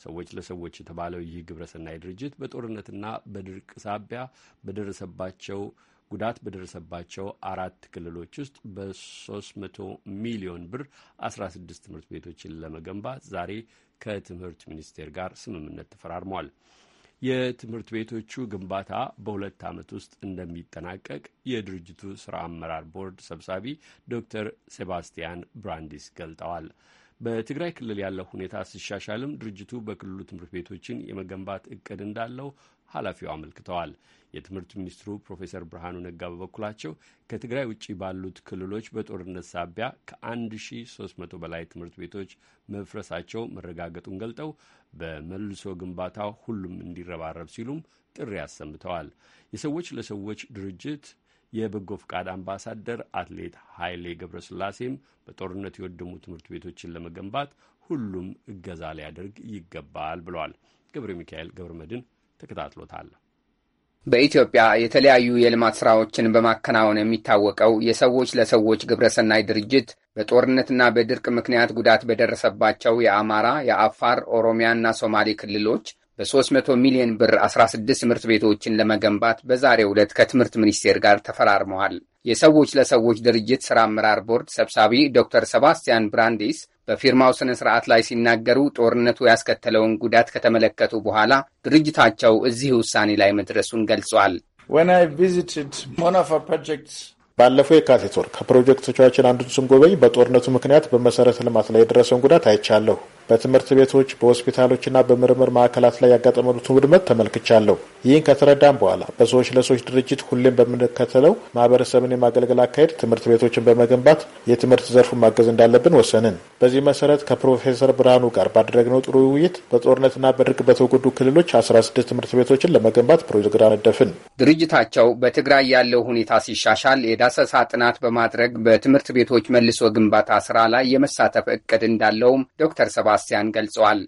ሰዎች ለሰዎች የተባለው ይህ ግብረሰናይ ድርጅት በጦርነትና በድርቅ ሳቢያ በደረሰባቸው ጉዳት በደረሰባቸው አራት ክልሎች ውስጥ በ300 ሚሊዮን ብር 16 ትምህርት ቤቶችን ለመገንባት ዛሬ ከትምህርት ሚኒስቴር ጋር ስምምነት ተፈራርሟል። የትምህርት ቤቶቹ ግንባታ በሁለት ዓመት ውስጥ እንደሚጠናቀቅ የድርጅቱ ስራ አመራር ቦርድ ሰብሳቢ ዶክተር ሴባስቲያን ብራንዲስ ገልጠዋል። በትግራይ ክልል ያለው ሁኔታ ሲሻሻልም ድርጅቱ በክልሉ ትምህርት ቤቶችን የመገንባት እቅድ እንዳለው ኃላፊው አመልክተዋል። የትምህርት ሚኒስትሩ ፕሮፌሰር ብርሃኑ ነጋ በበኩላቸው ከትግራይ ውጭ ባሉት ክልሎች በጦርነት ሳቢያ ከ1300 በላይ ትምህርት ቤቶች መፍረሳቸው መረጋገጡን ገልጠው በመልሶ ግንባታ ሁሉም እንዲረባረብ ሲሉም ጥሪ አሰምተዋል። የሰዎች ለሰዎች ድርጅት የበጎ ፍቃድ አምባሳደር አትሌት ኃይሌ ገብረስላሴም በጦርነት የወደሙ ትምህርት ቤቶችን ለመገንባት ሁሉም እገዛ ሊያደርግ ይገባል ብለዋል። ገብረ ሚካኤል ገብረ መድን ተከታትሎታል። በኢትዮጵያ የተለያዩ የልማት ስራዎችን በማከናወን የሚታወቀው የሰዎች ለሰዎች ግብረሰናይ ድርጅት በጦርነትና በድርቅ ምክንያት ጉዳት በደረሰባቸው የአማራ፣ የአፋር፣ ኦሮሚያና ሶማሌ ክልሎች በ300 ሚሊዮን ብር 16 ትምህርት ቤቶችን ለመገንባት በዛሬው ዕለት ከትምህርት ሚኒስቴር ጋር ተፈራርመዋል። የሰዎች ለሰዎች ድርጅት ሥራ አመራር ቦርድ ሰብሳቢ ዶክተር ሰባስቲያን ብራንዲስ በፊርማው ሥነ ሥርዓት ላይ ሲናገሩ ጦርነቱ ያስከተለውን ጉዳት ከተመለከቱ በኋላ ድርጅታቸው እዚህ ውሳኔ ላይ መድረሱን ገልጿል። ባለፈው የካቲት ወር ከፕሮጀክቶቻችን አንዱን ስንጎበኝ በጦርነቱ ምክንያት በመሠረተ ልማት ላይ የደረሰውን ጉዳት አይቻለሁ። በትምህርት ቤቶች በሆስፒታሎችና በምርምር ማዕከላት ላይ ያጋጠመሉትን ውድመት ተመልክቻለሁ። ይህን ከተረዳም በኋላ በሰዎች ለሰዎች ድርጅት ሁሌም በምንከተለው ማህበረሰብን የማገልገል አካሄድ ትምህርት ቤቶችን በመገንባት የትምህርት ዘርፉን ማገዝ እንዳለብን ወሰንን። በዚህ መሰረት ከፕሮፌሰር ብርሃኑ ጋር ባደረግነው ጥሩ ውይይት በጦርነትና በድርቅ በተጎዱ ክልሎች 16 ትምህርት ቤቶችን ለመገንባት ፕሮግራም ነደፍን። ድርጅታቸው በትግራይ ያለው ሁኔታ ሲሻሻል የዳሰሳ ጥናት በማድረግ በትምህርት ቤቶች መልሶ ግንባታ ስራ ላይ የመሳተፍ እቅድ እንዳለውም ዶክተር ሰባ ሴባስቲያን ገልጸዋል።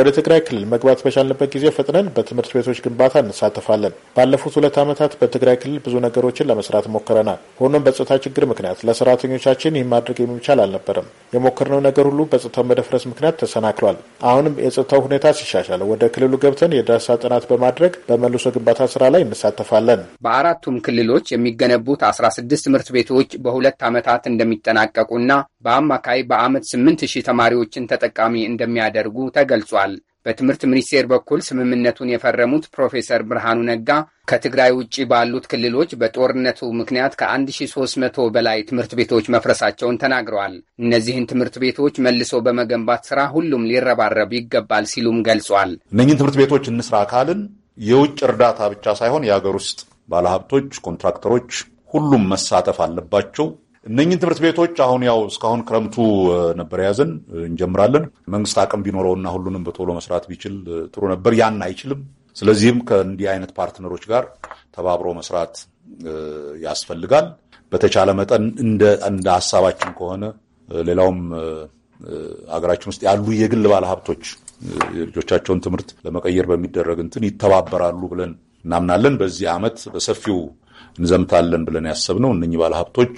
ወደ ትግራይ ክልል መግባት በቻልንበት ጊዜ ፈጥነን በትምህርት ቤቶች ግንባታ እንሳተፋለን። ባለፉት ሁለት ዓመታት በትግራይ ክልል ብዙ ነገሮችን ለመስራት ሞክረናል። ሆኖም በጸጥታ ችግር ምክንያት ለሰራተኞቻችን ይህ ማድረግ የሚቻል አልነበረም። የሞከርነው ነገር ሁሉ በጸጥታው መደፍረስ ምክንያት ተሰናክሏል። አሁንም የጸጥታው ሁኔታ ሲሻሻል ወደ ክልሉ ገብተን የዳሳ ጥናት በማድረግ በመልሶ ግንባታ ስራ ላይ እንሳተፋለን። በአራቱም ክልሎች የሚገነቡት 16 ትምህርት ቤቶች በ በሁለት ዓመታት እንደሚጠናቀቁና በአማካይ በዓመት ስምንት ሺህ ተማሪዎችን ተጠቃሚ እንደሚያደርጉ ተገልጿል። በትምህርት ሚኒስቴር በኩል ስምምነቱን የፈረሙት ፕሮፌሰር ብርሃኑ ነጋ ከትግራይ ውጭ ባሉት ክልሎች በጦርነቱ ምክንያት ከ1300 በላይ ትምህርት ቤቶች መፍረሳቸውን ተናግረዋል። እነዚህን ትምህርት ቤቶች መልሶ በመገንባት ስራ ሁሉም ሊረባረብ ይገባል ሲሉም ገልጿል። እነኝህን ትምህርት ቤቶች እንስራ አካልን የውጭ እርዳታ ብቻ ሳይሆን የሀገር ውስጥ ባለሀብቶች፣ ኮንትራክተሮች፣ ሁሉም መሳተፍ አለባቸው። እነኝን ትምህርት ቤቶች አሁን ያው እስካሁን ክረምቱ ነበር የያዘን፣ እንጀምራለን። መንግስት አቅም ቢኖረውና ሁሉንም በቶሎ መስራት ቢችል ጥሩ ነበር። ያን አይችልም። ስለዚህም ከእንዲህ አይነት ፓርትነሮች ጋር ተባብሮ መስራት ያስፈልጋል። በተቻለ መጠን እንደ ሀሳባችን ከሆነ ሌላውም ሀገራችን ውስጥ ያሉ የግል ባለ ሀብቶች የልጆቻቸውን ትምህርት ለመቀየር በሚደረግ እንትን ይተባበራሉ ብለን እናምናለን። በዚህ ዓመት በሰፊው እንዘምታለን ብለን ያሰብነው እነኚህ ባለሀብቶች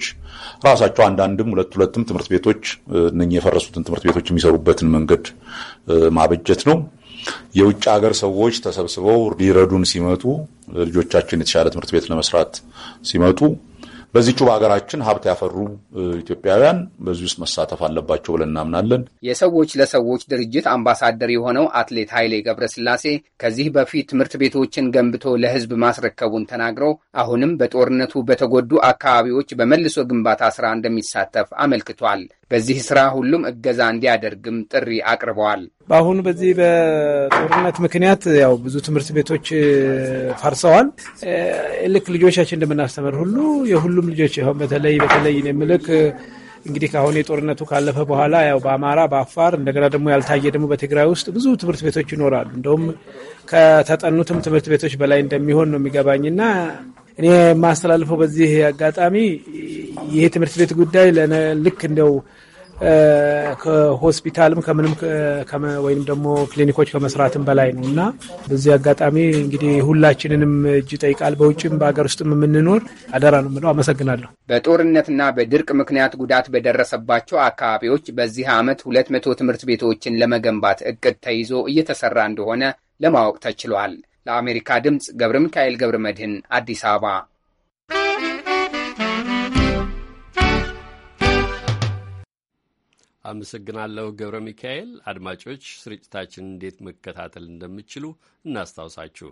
ራሳቸው አንዳንድም ሁለት ሁለትም ትምህርት ቤቶች እነኚህ የፈረሱትን ትምህርት ቤቶች የሚሰሩበትን መንገድ ማበጀት ነው። የውጭ ሀገር ሰዎች ተሰብስበው ሊረዱን ሲመጡ ልጆቻችን የተሻለ ትምህርት ቤት ለመስራት ሲመጡ በዚቹ በሀገራችን ሀብት ያፈሩ ኢትዮጵያውያን በዚህ ውስጥ መሳተፍ አለባቸው ብለን እናምናለን። የሰዎች ለሰዎች ድርጅት አምባሳደር የሆነው አትሌት ኃይሌ ገብረስላሴ ከዚህ በፊት ትምህርት ቤቶችን ገንብቶ ለሕዝብ ማስረከቡን ተናግረው አሁንም በጦርነቱ በተጎዱ አካባቢዎች በመልሶ ግንባታ ስራ እንደሚሳተፍ አመልክቷል። በዚህ ስራ ሁሉም እገዛ እንዲያደርግም ጥሪ አቅርበዋል። በአሁኑ በዚህ በጦርነት ምክንያት ያው ብዙ ትምህርት ቤቶች ፈርሰዋል። ልክ ልጆቻችን እንደምናስተምር ሁሉ የሁሉም ልጆች ይሁን በተለይ በተለይ ምልክ እንግዲህ ከአሁን የጦርነቱ ካለፈ በኋላ ያው በአማራ በአፋር እንደገና ደግሞ ያልታየ ደግሞ በትግራይ ውስጥ ብዙ ትምህርት ቤቶች ይኖራሉ። እንደውም ከተጠኑትም ትምህርት ቤቶች በላይ እንደሚሆን ነው የሚገባኝና እኔ የማስተላልፈው በዚህ አጋጣሚ ይሄ ትምህርት ቤት ጉዳይ ልክ እንደው ከሆስፒታልም ከምንም ወይም ደግሞ ክሊኒኮች ከመስራትም በላይ ነው እና በዚህ አጋጣሚ እንግዲህ ሁላችንንም እጅ ይጠይቃል። በውጭም በሀገር ውስጥም የምንኖር አደራ ነው የምለው። አመሰግናለሁ። በጦርነትና በድርቅ ምክንያት ጉዳት በደረሰባቸው አካባቢዎች በዚህ ዓመት ሁለት መቶ ትምህርት ቤቶችን ለመገንባት እቅድ ተይዞ እየተሰራ እንደሆነ ለማወቅ ተችሏል። ለአሜሪካ ድምፅ ገብረ ሚካኤል ገብረ መድህን አዲስ አበባ አመሰግናለሁ ገብረ ሚካኤል። አድማጮች ስርጭታችን እንዴት መከታተል እንደሚችሉ እናስታውሳችሁ።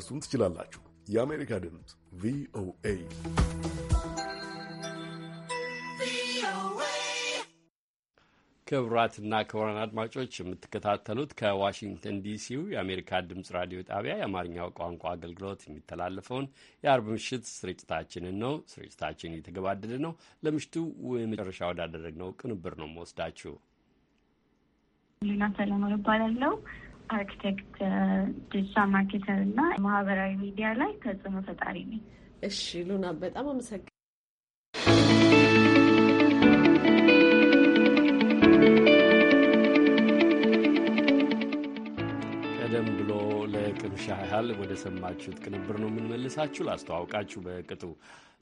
ልታደርሱን ትችላላችሁ። የአሜሪካ ድምፅ ቪኦኤ ክቡራትና ክቡራን አድማጮች የምትከታተሉት ከዋሽንግተን ዲሲው የአሜሪካ ድምፅ ራዲዮ ጣቢያ የአማርኛው ቋንቋ አገልግሎት የሚተላለፈውን የአርብ ምሽት ስርጭታችንን ነው። ስርጭታችን እየተገባደደ ነው። ለምሽቱ መጨረሻ ወዳደረግነው ቅንብር ነው መወስዳችሁ። ሌና ሰለሞን ይባላለው። አርኪቴክት ዲጂታል ማርኬተር እና ማህበራዊ ሚዲያ ላይ ተጽዕኖ ፈጣሪ ነኝ። እሺ ሉና በጣም አመሰግ ቀደም ብሎ ለቅምሻ ያህል ወደ ሰማችሁት ቅንብር ነው የምንመልሳችሁ። ላስተዋውቃችሁ በቅጡ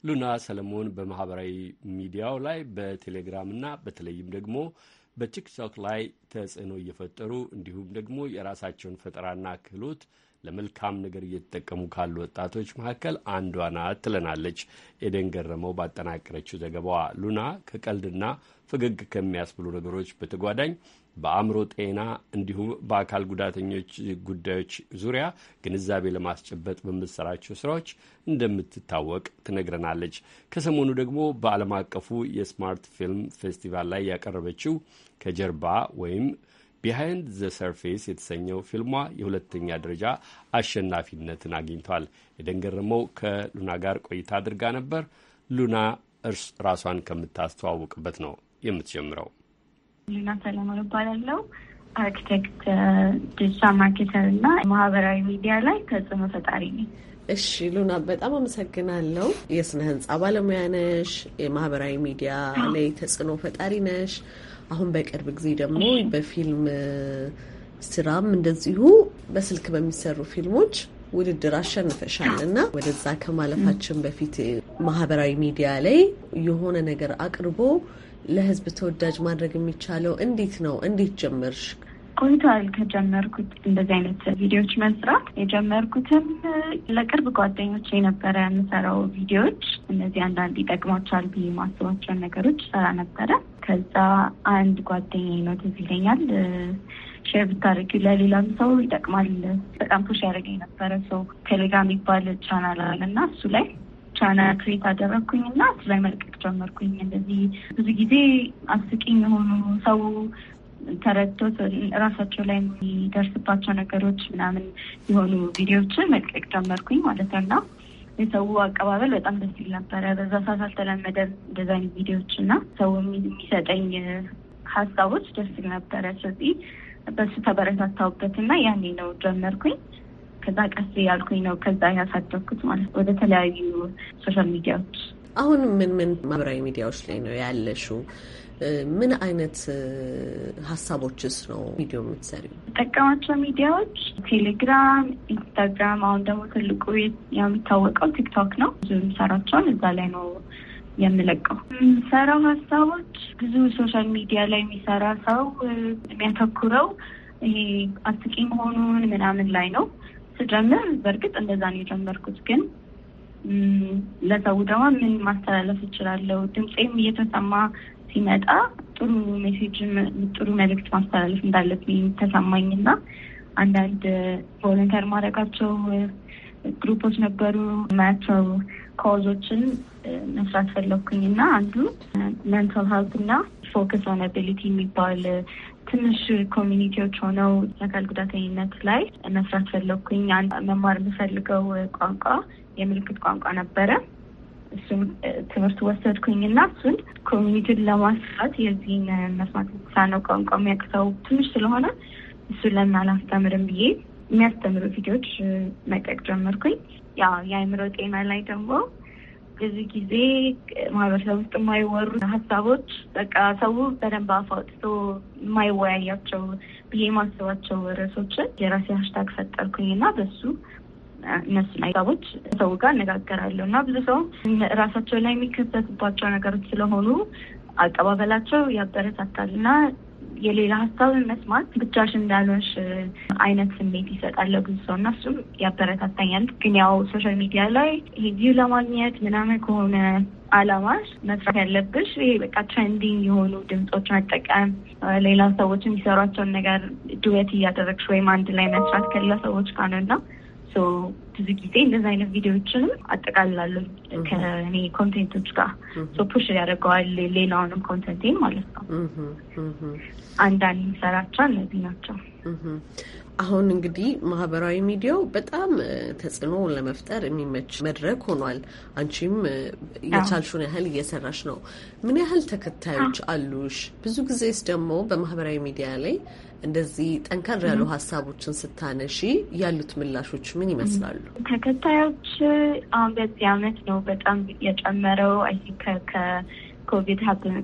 ሉና ሰለሞን በማህበራዊ ሚዲያው ላይ በቴሌግራም እና በተለይም ደግሞ በቲክቶክ ላይ ተጽዕኖ እየፈጠሩ እንዲሁም ደግሞ የራሳቸውን ፈጠራና ክህሎት ለመልካም ነገር እየተጠቀሙ ካሉ ወጣቶች መካከል አንዷ ናት ትለናለች ኤደን ገረመው ባጠናቀረችው ዘገባዋ። ሉና ከቀልድና ፈገግ ከሚያስብሉ ነገሮች በተጓዳኝ በአእምሮ ጤና እንዲሁም በአካል ጉዳተኞች ጉዳዮች ዙሪያ ግንዛቤ ለማስጨበጥ በምትሰራቸው ስራዎች እንደምትታወቅ ትነግረናለች። ከሰሞኑ ደግሞ በዓለም አቀፉ የስማርት ፊልም ፌስቲቫል ላይ ያቀረበችው ከጀርባ ወይም ቢሃይንድ ዘ ሰርፌስ የተሰኘው ፊልሟ የሁለተኛ ደረጃ አሸናፊነትን አግኝቷል። የደንገረመው ከሉና ጋር ቆይታ አድርጋ ነበር። ሉና እርስ ራሷን ከምታስተዋውቅበት ነው የምትጀምረው። ሊና ሰለሞን እባላለሁ። አርኪቴክት፣ ዲጂታል ማርኬተር እና ማህበራዊ ሚዲያ ላይ ተጽዕኖ ፈጣሪ ነኝ። እሺ ሉና በጣም አመሰግናለሁ። የስነ ህንፃ ባለሙያ ነሽ፣ የማህበራዊ ሚዲያ ላይ ተጽዕኖ ፈጣሪ ነሽ። አሁን በቅርብ ጊዜ ደግሞ በፊልም ስራም እንደዚሁ በስልክ በሚሰሩ ፊልሞች ውድድር አሸንፈሻል እና ወደዛ ከማለፋችን በፊት ማህበራዊ ሚዲያ ላይ የሆነ ነገር አቅርቦ ለህዝብ ተወዳጅ ማድረግ የሚቻለው እንዴት ነው? እንዴት ጀመርሽ? ቆይቷል ከጀመርኩት እንደዚህ አይነት ቪዲዮዎች መስራት። የጀመርኩትም ለቅርብ ጓደኞች የነበረ የምሰራው ቪዲዮዎች እነዚህ አንዳንድ ይጠቅማቸዋል ብዬ ማስባቸውን ነገሮች ሰራ ነበረ። ከዛ አንድ ጓደኛ ነው ትዝ ይለኛል ሼር ብታደርጊው ለሌላም ሰው ይጠቅማል በጣም ፑሽ ያደረገኝ ነበረ ሰው ቴሌግራም የሚባል ቻናል አለ እና እሱ ላይ ቻናል ክሬት አደረግኩኝ እና እሱ ላይ መልቀቅ ጀመርኩኝ። እንደዚህ ብዙ ጊዜ አስቂኝ የሆኑ ሰው ተረድቶት እራሳቸው ላይ የሚደርስባቸው ነገሮች ምናምን የሆኑ ቪዲዮዎችን መልቀቅ ጀመርኩኝ ማለት ነው እና የሰው አቀባበል በጣም ደስ ይል ነበረ። በዛ ሰዓት አልተለመደም እንደዛ አይነት ቪዲዮዎች እና ሰው የሚሰጠኝ ሀሳቦች ደስ ይል ነበረ። ስለዚህ በሱ ተበረታታሁበት እና ያኔ ነው ጀመርኩኝ። ከዛ ቀስ ያልኩኝ ነው ከዛ ያሳደግኩት ማለት ወደ ተለያዩ ሶሻል ሚዲያዎች። አሁን ምን ምን ማህበራዊ ሚዲያዎች ላይ ነው ያለሽው? ምን አይነት ሀሳቦችስ ነው ቪዲዮ የምትሰሪው? የምጠቀማቸው ሚዲያዎች ቴሌግራም፣ ኢንስታግራም፣ አሁን ደግሞ ትልቁ የሚታወቀው ቲክቶክ ነው። ብዙ የምሰራቸውን እዛ ላይ ነው የምለቀው የምሰራው ሀሳቦች ብዙ ሶሻል ሚዲያ ላይ የሚሰራ ሰው የሚያተኩረው ይሄ አስቂ መሆኑን ምናምን ላይ ነው። ስጀምር በእርግጥ እንደዛ ነው የጀመርኩት። ግን ለሰው ደግሞ ምን ማስተላለፍ እችላለሁ? ድምፄም እየተሰማ ሲመጣ ጥሩ ሜሴጅ፣ ጥሩ መልእክት ማስተላለፍ እንዳለብኝ ተሰማኝና አንዳንድ ቮለንተር ማድረጋቸው ግሩፖች ነበሩ ማያቸው ካውዞችን መስራት ፈለኩኝ እና አንዱ ሜንታል ሀልት እና ፎከስ ኦን አቢሊቲ የሚባል ትንሽ ኮሚኒቲዎች ሆነው የአካል ጉዳተኝነት ላይ መስራት ፈለኩኝ። መማር የምፈልገው ቋንቋ የምልክት ቋንቋ ነበረ። እሱም ትምህርት ወሰድኩኝ እና እሱን ኮሚኒቲን ለማስፋት የዚህን መስማት ሳነው ቋንቋ የሚያቅተው ትንሽ ስለሆነ እሱን ለምን አላስተምርም ብዬ የሚያስተምሩ ቪዲዮዎች መጠቅ ጀመርኩኝ። ያው የአእምሮ ጤና ላይ ደግሞ ብዙ ጊዜ ማህበረሰብ ውስጥ የማይወሩ ሀሳቦች በቃ ሰው በደንብ አፍ አውጥቶ የማይወያያቸው ብዬ የማስባቸው ርዕሶችን የራሴ ሀሽታግ ፈጠርኩኝ እና በሱ እነሱን ሀሳቦች ሰው ጋር እነጋገራለሁ እና ብዙ ሰው ራሳቸው ላይ የሚከሰቱባቸው ነገሮች ስለሆኑ አቀባበላቸው ያበረታታል እና የሌላ ሀሳብን መስማት ብቻሽ እንዳልሆንሽ አይነት ስሜት ይሰጣል ለብዙ ሰው እና እሱም ያበረታታኛል። ግን ያው ሶሻል ሚዲያ ላይ ይሄ ቪው ለማግኘት ምናምን ከሆነ አላማሽ መስራት ያለብሽ ይሄ በቃ ትሬንዲንግ የሆኑ ድምፆች መጠቀም፣ ሌላ ሰዎች የሚሰሯቸውን ነገር ዱዌት እያደረግሽ ወይም አንድ ላይ መስራት ከሌላ ሰዎች ጋር ነው እና ብዙ ጊዜ እነዚ አይነት ቪዲዮዎችንም አጠቃልላሉ ከእኔ ኮንቴንቶች ጋር ፑሽ ያደርገዋል ሌላውንም ኮንተንቴን ማለት ነው። አንዳንድ ሰራቻ እነዚህ ናቸው። አሁን እንግዲህ ማህበራዊ ሚዲያው በጣም ተጽዕኖ ለመፍጠር የሚመች መድረክ ሆኗል። አንቺም የቻልሽውን ያህል እየሰራሽ ነው። ምን ያህል ተከታዮች አሉሽ? ብዙ ጊዜስ ደግሞ በማህበራዊ ሚዲያ ላይ እንደዚህ ጠንከር ያሉ ሀሳቦችን ስታነሺ ያሉት ምላሾች ምን ይመስላሉ? ተከታዮች አሁን በዚህ አመት ነው በጣም የጨመረው። አይ ከኮቪድ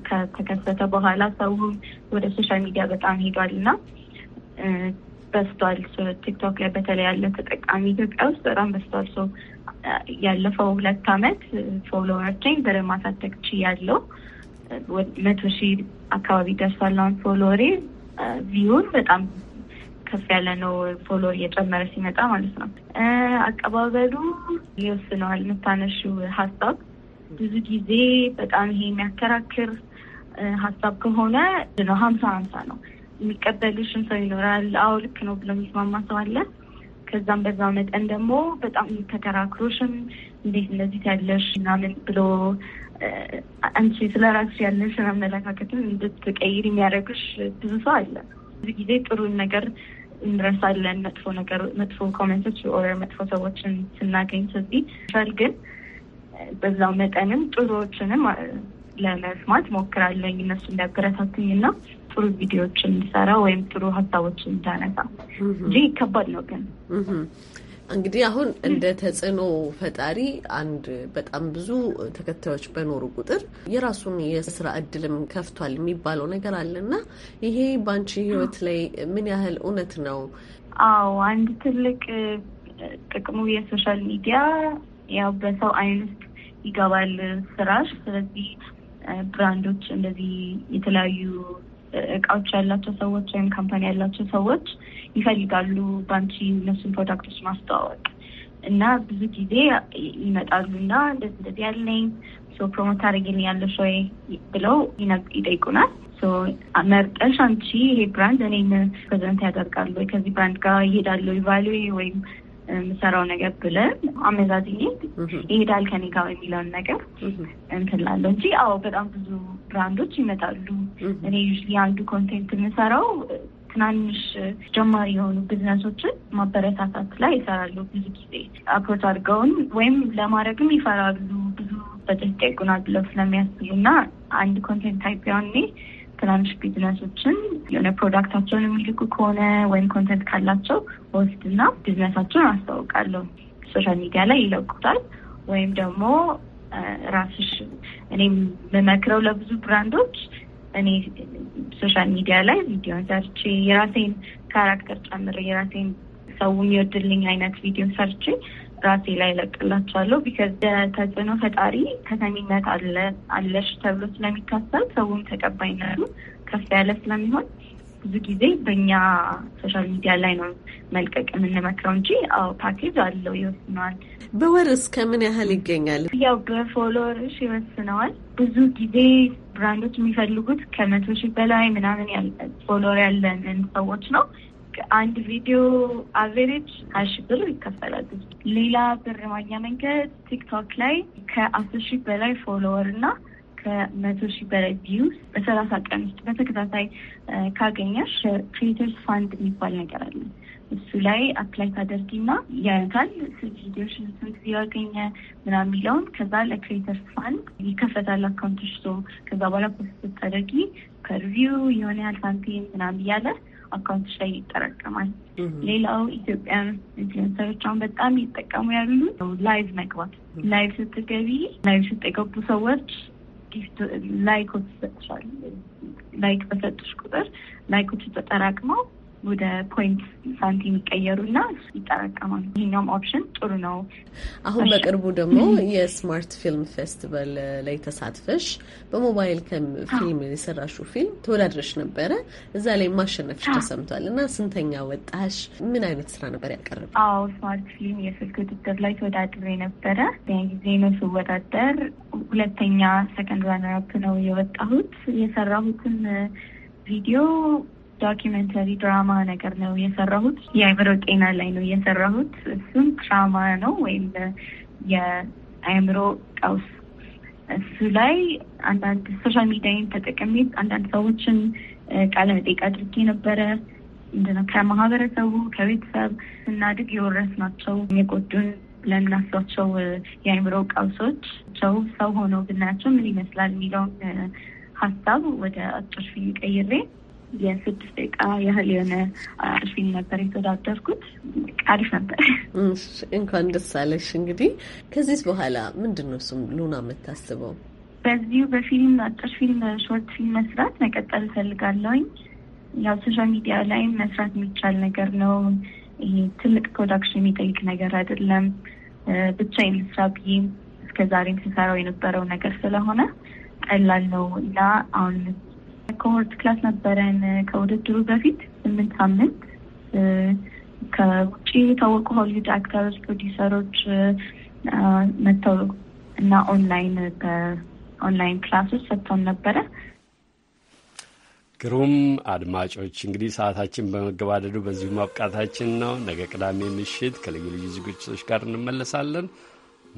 ከተከሰተ በኋላ ሰውም ወደ ሶሻል ሚዲያ በጣም ሄዷል እና በስቷል። ቲክቶክ ላይ በተለይ ያለ ተጠቃሚ ኢትዮጵያ ውስጥ በጣም በስቷል። ሰው ያለፈው ሁለት አመት ፎሎወሮችን በደንብ ማሳደግ ችያለሁ። መቶ ሺህ አካባቢ ደርሷል አሁን ፎሎወሬ። ቪውን በጣም ከፍ ያለ ነው። ፎሎወር እየጨመረ ሲመጣ ማለት ነው። አቀባበሉ ይወስነዋል። የምታነሺው ሀሳብ ብዙ ጊዜ በጣም ይሄ የሚያከራክር ሀሳብ ከሆነ ነው ሀምሳ ሀምሳ ነው የሚቀበልሽም ሰው ይኖራል። አዎ ልክ ነው ብሎ የሚስማማ ሰው አለ። ከዛም በዛ መጠን ደግሞ በጣም ተከራክሮሽም እንዴት እንደዚህ ያለሽ ምናምን ብሎ አንቺ ስለ ራስሽ ያለሽን አመለካከትን እንድትቀይር የሚያደርግሽ ብዙ ሰው አለ። ብዙ ጊዜ ጥሩን ነገር እንረሳለን፣ መጥፎ ነገር መጥፎ ኮሜንቶች ኦር መጥፎ ሰዎችን ስናገኝ። ስለዚህ ግን በዛው መጠንም ጥሩዎችንም ለመስማት ሞክራለኝ እነሱ እንዲያበረታቱኝ እና ጥሩ ቪዲዮዎች እንዲሰራ ወይም ጥሩ ሀሳቦች እንዳነሳ እንጂ ከባድ ነው ግን እንግዲህ አሁን እንደ ተጽዕኖ ፈጣሪ አንድ በጣም ብዙ ተከታዮች በኖሩ ቁጥር የራሱን የስራ እድልም ከፍቷል የሚባለው ነገር አለ እና ይሄ በአንቺ ህይወት ላይ ምን ያህል እውነት ነው? አዎ አንድ ትልቅ ጥቅሙ የሶሻል ሚዲያ ያው በሰው አይን ውስጥ ይገባል ስራሽ። ስለዚህ ብራንዶች እንደዚህ የተለያዩ እቃዎች ያላቸው ሰዎች ወይም ካምፓኒ ያላቸው ሰዎች ይፈልጋሉ ባንቺ እነሱን ፕሮዳክቶች ማስተዋወቅ እና ብዙ ጊዜ ይመጣሉ እና እንደዚህ እንደዚህ ያለኝ ፕሮሞት አድርጊልኝ ያለሽ ወይ ብለው ይጠይቁናል። መርጠሽ አንቺ ይሄ ብራንድ እኔን ፕሬዘንት ያደርጋሉ ወይ ከዚህ ብራንድ ጋር ይሄዳሉ ይቫሉ ወይም የምሰራው ነገር ብለን አመዛዝኜት ይሄዳል ከኔ ጋር የሚለውን ነገር እንትላለሁ እንጂ አዎ፣ በጣም ብዙ ብራንዶች ይመጣሉ። እኔ ዩዝሊ አንዱ ኮንቴንት የምሰራው ትናንሽ ጀማሪ የሆኑ ቢዝነሶችን ማበረታታት ላይ ይሰራሉ። ብዙ ጊዜ አፕሮች አድርገውን ወይም ለማድረግም ይፈራሉ። ብዙ በጀት ይቁናል ብለው ስለሚያስቡ እና አንድ ኮንቴንት ታይፕ ያኔ ትናንሽ ቢዝነሶችን የሆነ ፕሮዳክታቸውን የሚልኩ ከሆነ ወይም ኮንተንት ካላቸው ወስድና ቢዝነሳቸውን አስታውቃለሁ። ሶሻል ሚዲያ ላይ ይለቁታል። ወይም ደግሞ ራስሽ እኔ የምመክረው ለብዙ ብራንዶች እኔ ሶሻል ሚዲያ ላይ ቪዲዮ ሰርቼ የራሴን ካራክተር ጨምሬ የራሴን ሰው የሚወድልኝ አይነት ቪዲዮ ሰርቼ ራሴ ላይ ለቅላቸዋለሁ። ቢከዝ ተጽዕኖ ፈጣሪ ተሰሚነት አለሽ ተብሎ ስለሚታሰብ ሰውም ተቀባይነቱ ከፍ ያለ ስለሚሆን ብዙ ጊዜ በእኛ ሶሻል ሚዲያ ላይ ነው መልቀቅ የምንመክረው እንጂ አዎ ፓኬጅ አለው ይወስነዋል። በወር እስከ ምን ያህል ይገኛል? ያው በፎሎወርሽ ይወስነዋል። ብዙ ጊዜ ብራንዶች የሚፈልጉት ከመቶ ሺህ በላይ ምናምን ፎሎወር ያለንን ሰዎች ነው። አንድ ቪዲዮ አቬሬጅ ሀያ ብር ይከፈላል። ሌላ ብር ማግኛ መንገድ ቲክቶክ ላይ ከአስር ሺህ በላይ ፎሎወር እና ከመቶ ሺህ በላይ ቪውስ በሰላሳ ቀን ውስጥ በተከታታይ ካገኘሽ ክሬተርስ ፋንድ የሚባል ነገር አለ። እሱ ላይ አፕላይ ታደርጊና ያረጋል ቪዲዮሽን ስንት ቪው ያገኘ ምናምን የሚለውን ከዛ ለክሬተርስ ፋንድ ይከፈታል አካውንቶች ሶ ከዛ በኋላ ፖስት ስታደርጊ ከሪቪው የሆነ ያህል ሳንቲም ምናምን እያለ አካውንት ላይ ይጠራቀማል። ሌላው ኢትዮጵያን ኢንፍሉዌንሰሮች አሁን በጣም ይጠቀሙ ያሉ ላይቭ መግባት፣ ላይቭ ስትገቢ፣ ላይቭ ስትገቡ ሰዎች ላይኮች ይሰጥሻል። ላይክ በሰጡሽ ቁጥር ላይኮች ተጠራቅመው ወደ ፖይንት ሳንቲም ይቀየሩና ይጠራቀማሉ። ይህኛውም ኦፕሽን ጥሩ ነው። አሁን በቅርቡ ደግሞ የስማርት ፊልም ፌስቲቫል ላይ ተሳትፈሽ በሞባይል ከፊልም የሰራሹ ፊልም ተወዳድረሽ ነበረ። እዛ ላይ ማሸነፍሽ ተሰምቷል እና ስንተኛ ወጣሽ? ምን አይነት ስራ ነበር ያቀረብ? አዎ ስማርት ፊልም የስልክ ውድድር ላይ ተወዳድሬ ነበረ። ያን ጊዜ ነው ስወዳደር ሁለተኛ ሰከንድ ራነር አፕ ነው የወጣሁት። የሰራሁትን ቪዲዮ ዶኪመንተሪ ድራማ ነገር ነው የሰራሁት። የአእምሮ ጤና ላይ ነው የሰራሁት። እሱም ትራማ ነው ወይም የአእምሮ ቀውስ። እሱ ላይ አንዳንድ ሶሻል ሚዲያን ተጠቅሜ አንዳንድ ሰዎችን ቃለ መጠይቅ አድርጌ ነበረ። ምንድነው ከማህበረሰቡ ከቤተሰብ ስናድግ ናቸው የጎዱን ለምናሷቸው የአእምሮ ቀውሶች ቸው ሰው ሆነው ብናያቸው ምን ይመስላል የሚለውን ሀሳብ ወደ አጭር ፊልም ቀይሬ የስድስት ደቂቃ ያህል የሆነ አጭር ፊልም ነበር የተወዳደርኩት። አሪፍ ነበር። እንኳን ደስ አለሽ። እንግዲህ ከዚህ በኋላ ምንድን ነው እሱም ሉና የምታስበው? በዚሁ በፊልም አጭር ፊልም ሾርት ፊልም መስራት መቀጠል እፈልጋለሁኝ። ያው ሶሻል ሚዲያ ላይ መስራት የሚቻል ነገር ነው። ይሄ ትልቅ ፕሮዳክሽን የሚጠይቅ ነገር አይደለም። ብቻ የምስራ ብዬ እስከዛሬም ስሰራው የነበረው ነገር ስለሆነ ቀላል ነው እና አሁን ኮሆርት ክላስ ነበረን ከውድድሩ በፊት ስምንት ሳምንት ከውጭ የታወቁ ሆሊውድ አክተሮች፣ ፕሮዲሰሮች መጥተው እና ኦንላይን በኦንላይን ክላሶች ሰጥተውን ነበረ። ግሩም አድማጮች፣ እንግዲህ ሰዓታችን በመገባደዱ በዚሁ ማብቃታችን ነው። ነገ ቅዳሜ ምሽት ከልዩ ልዩ ዝግጅቶች ጋር እንመለሳለን።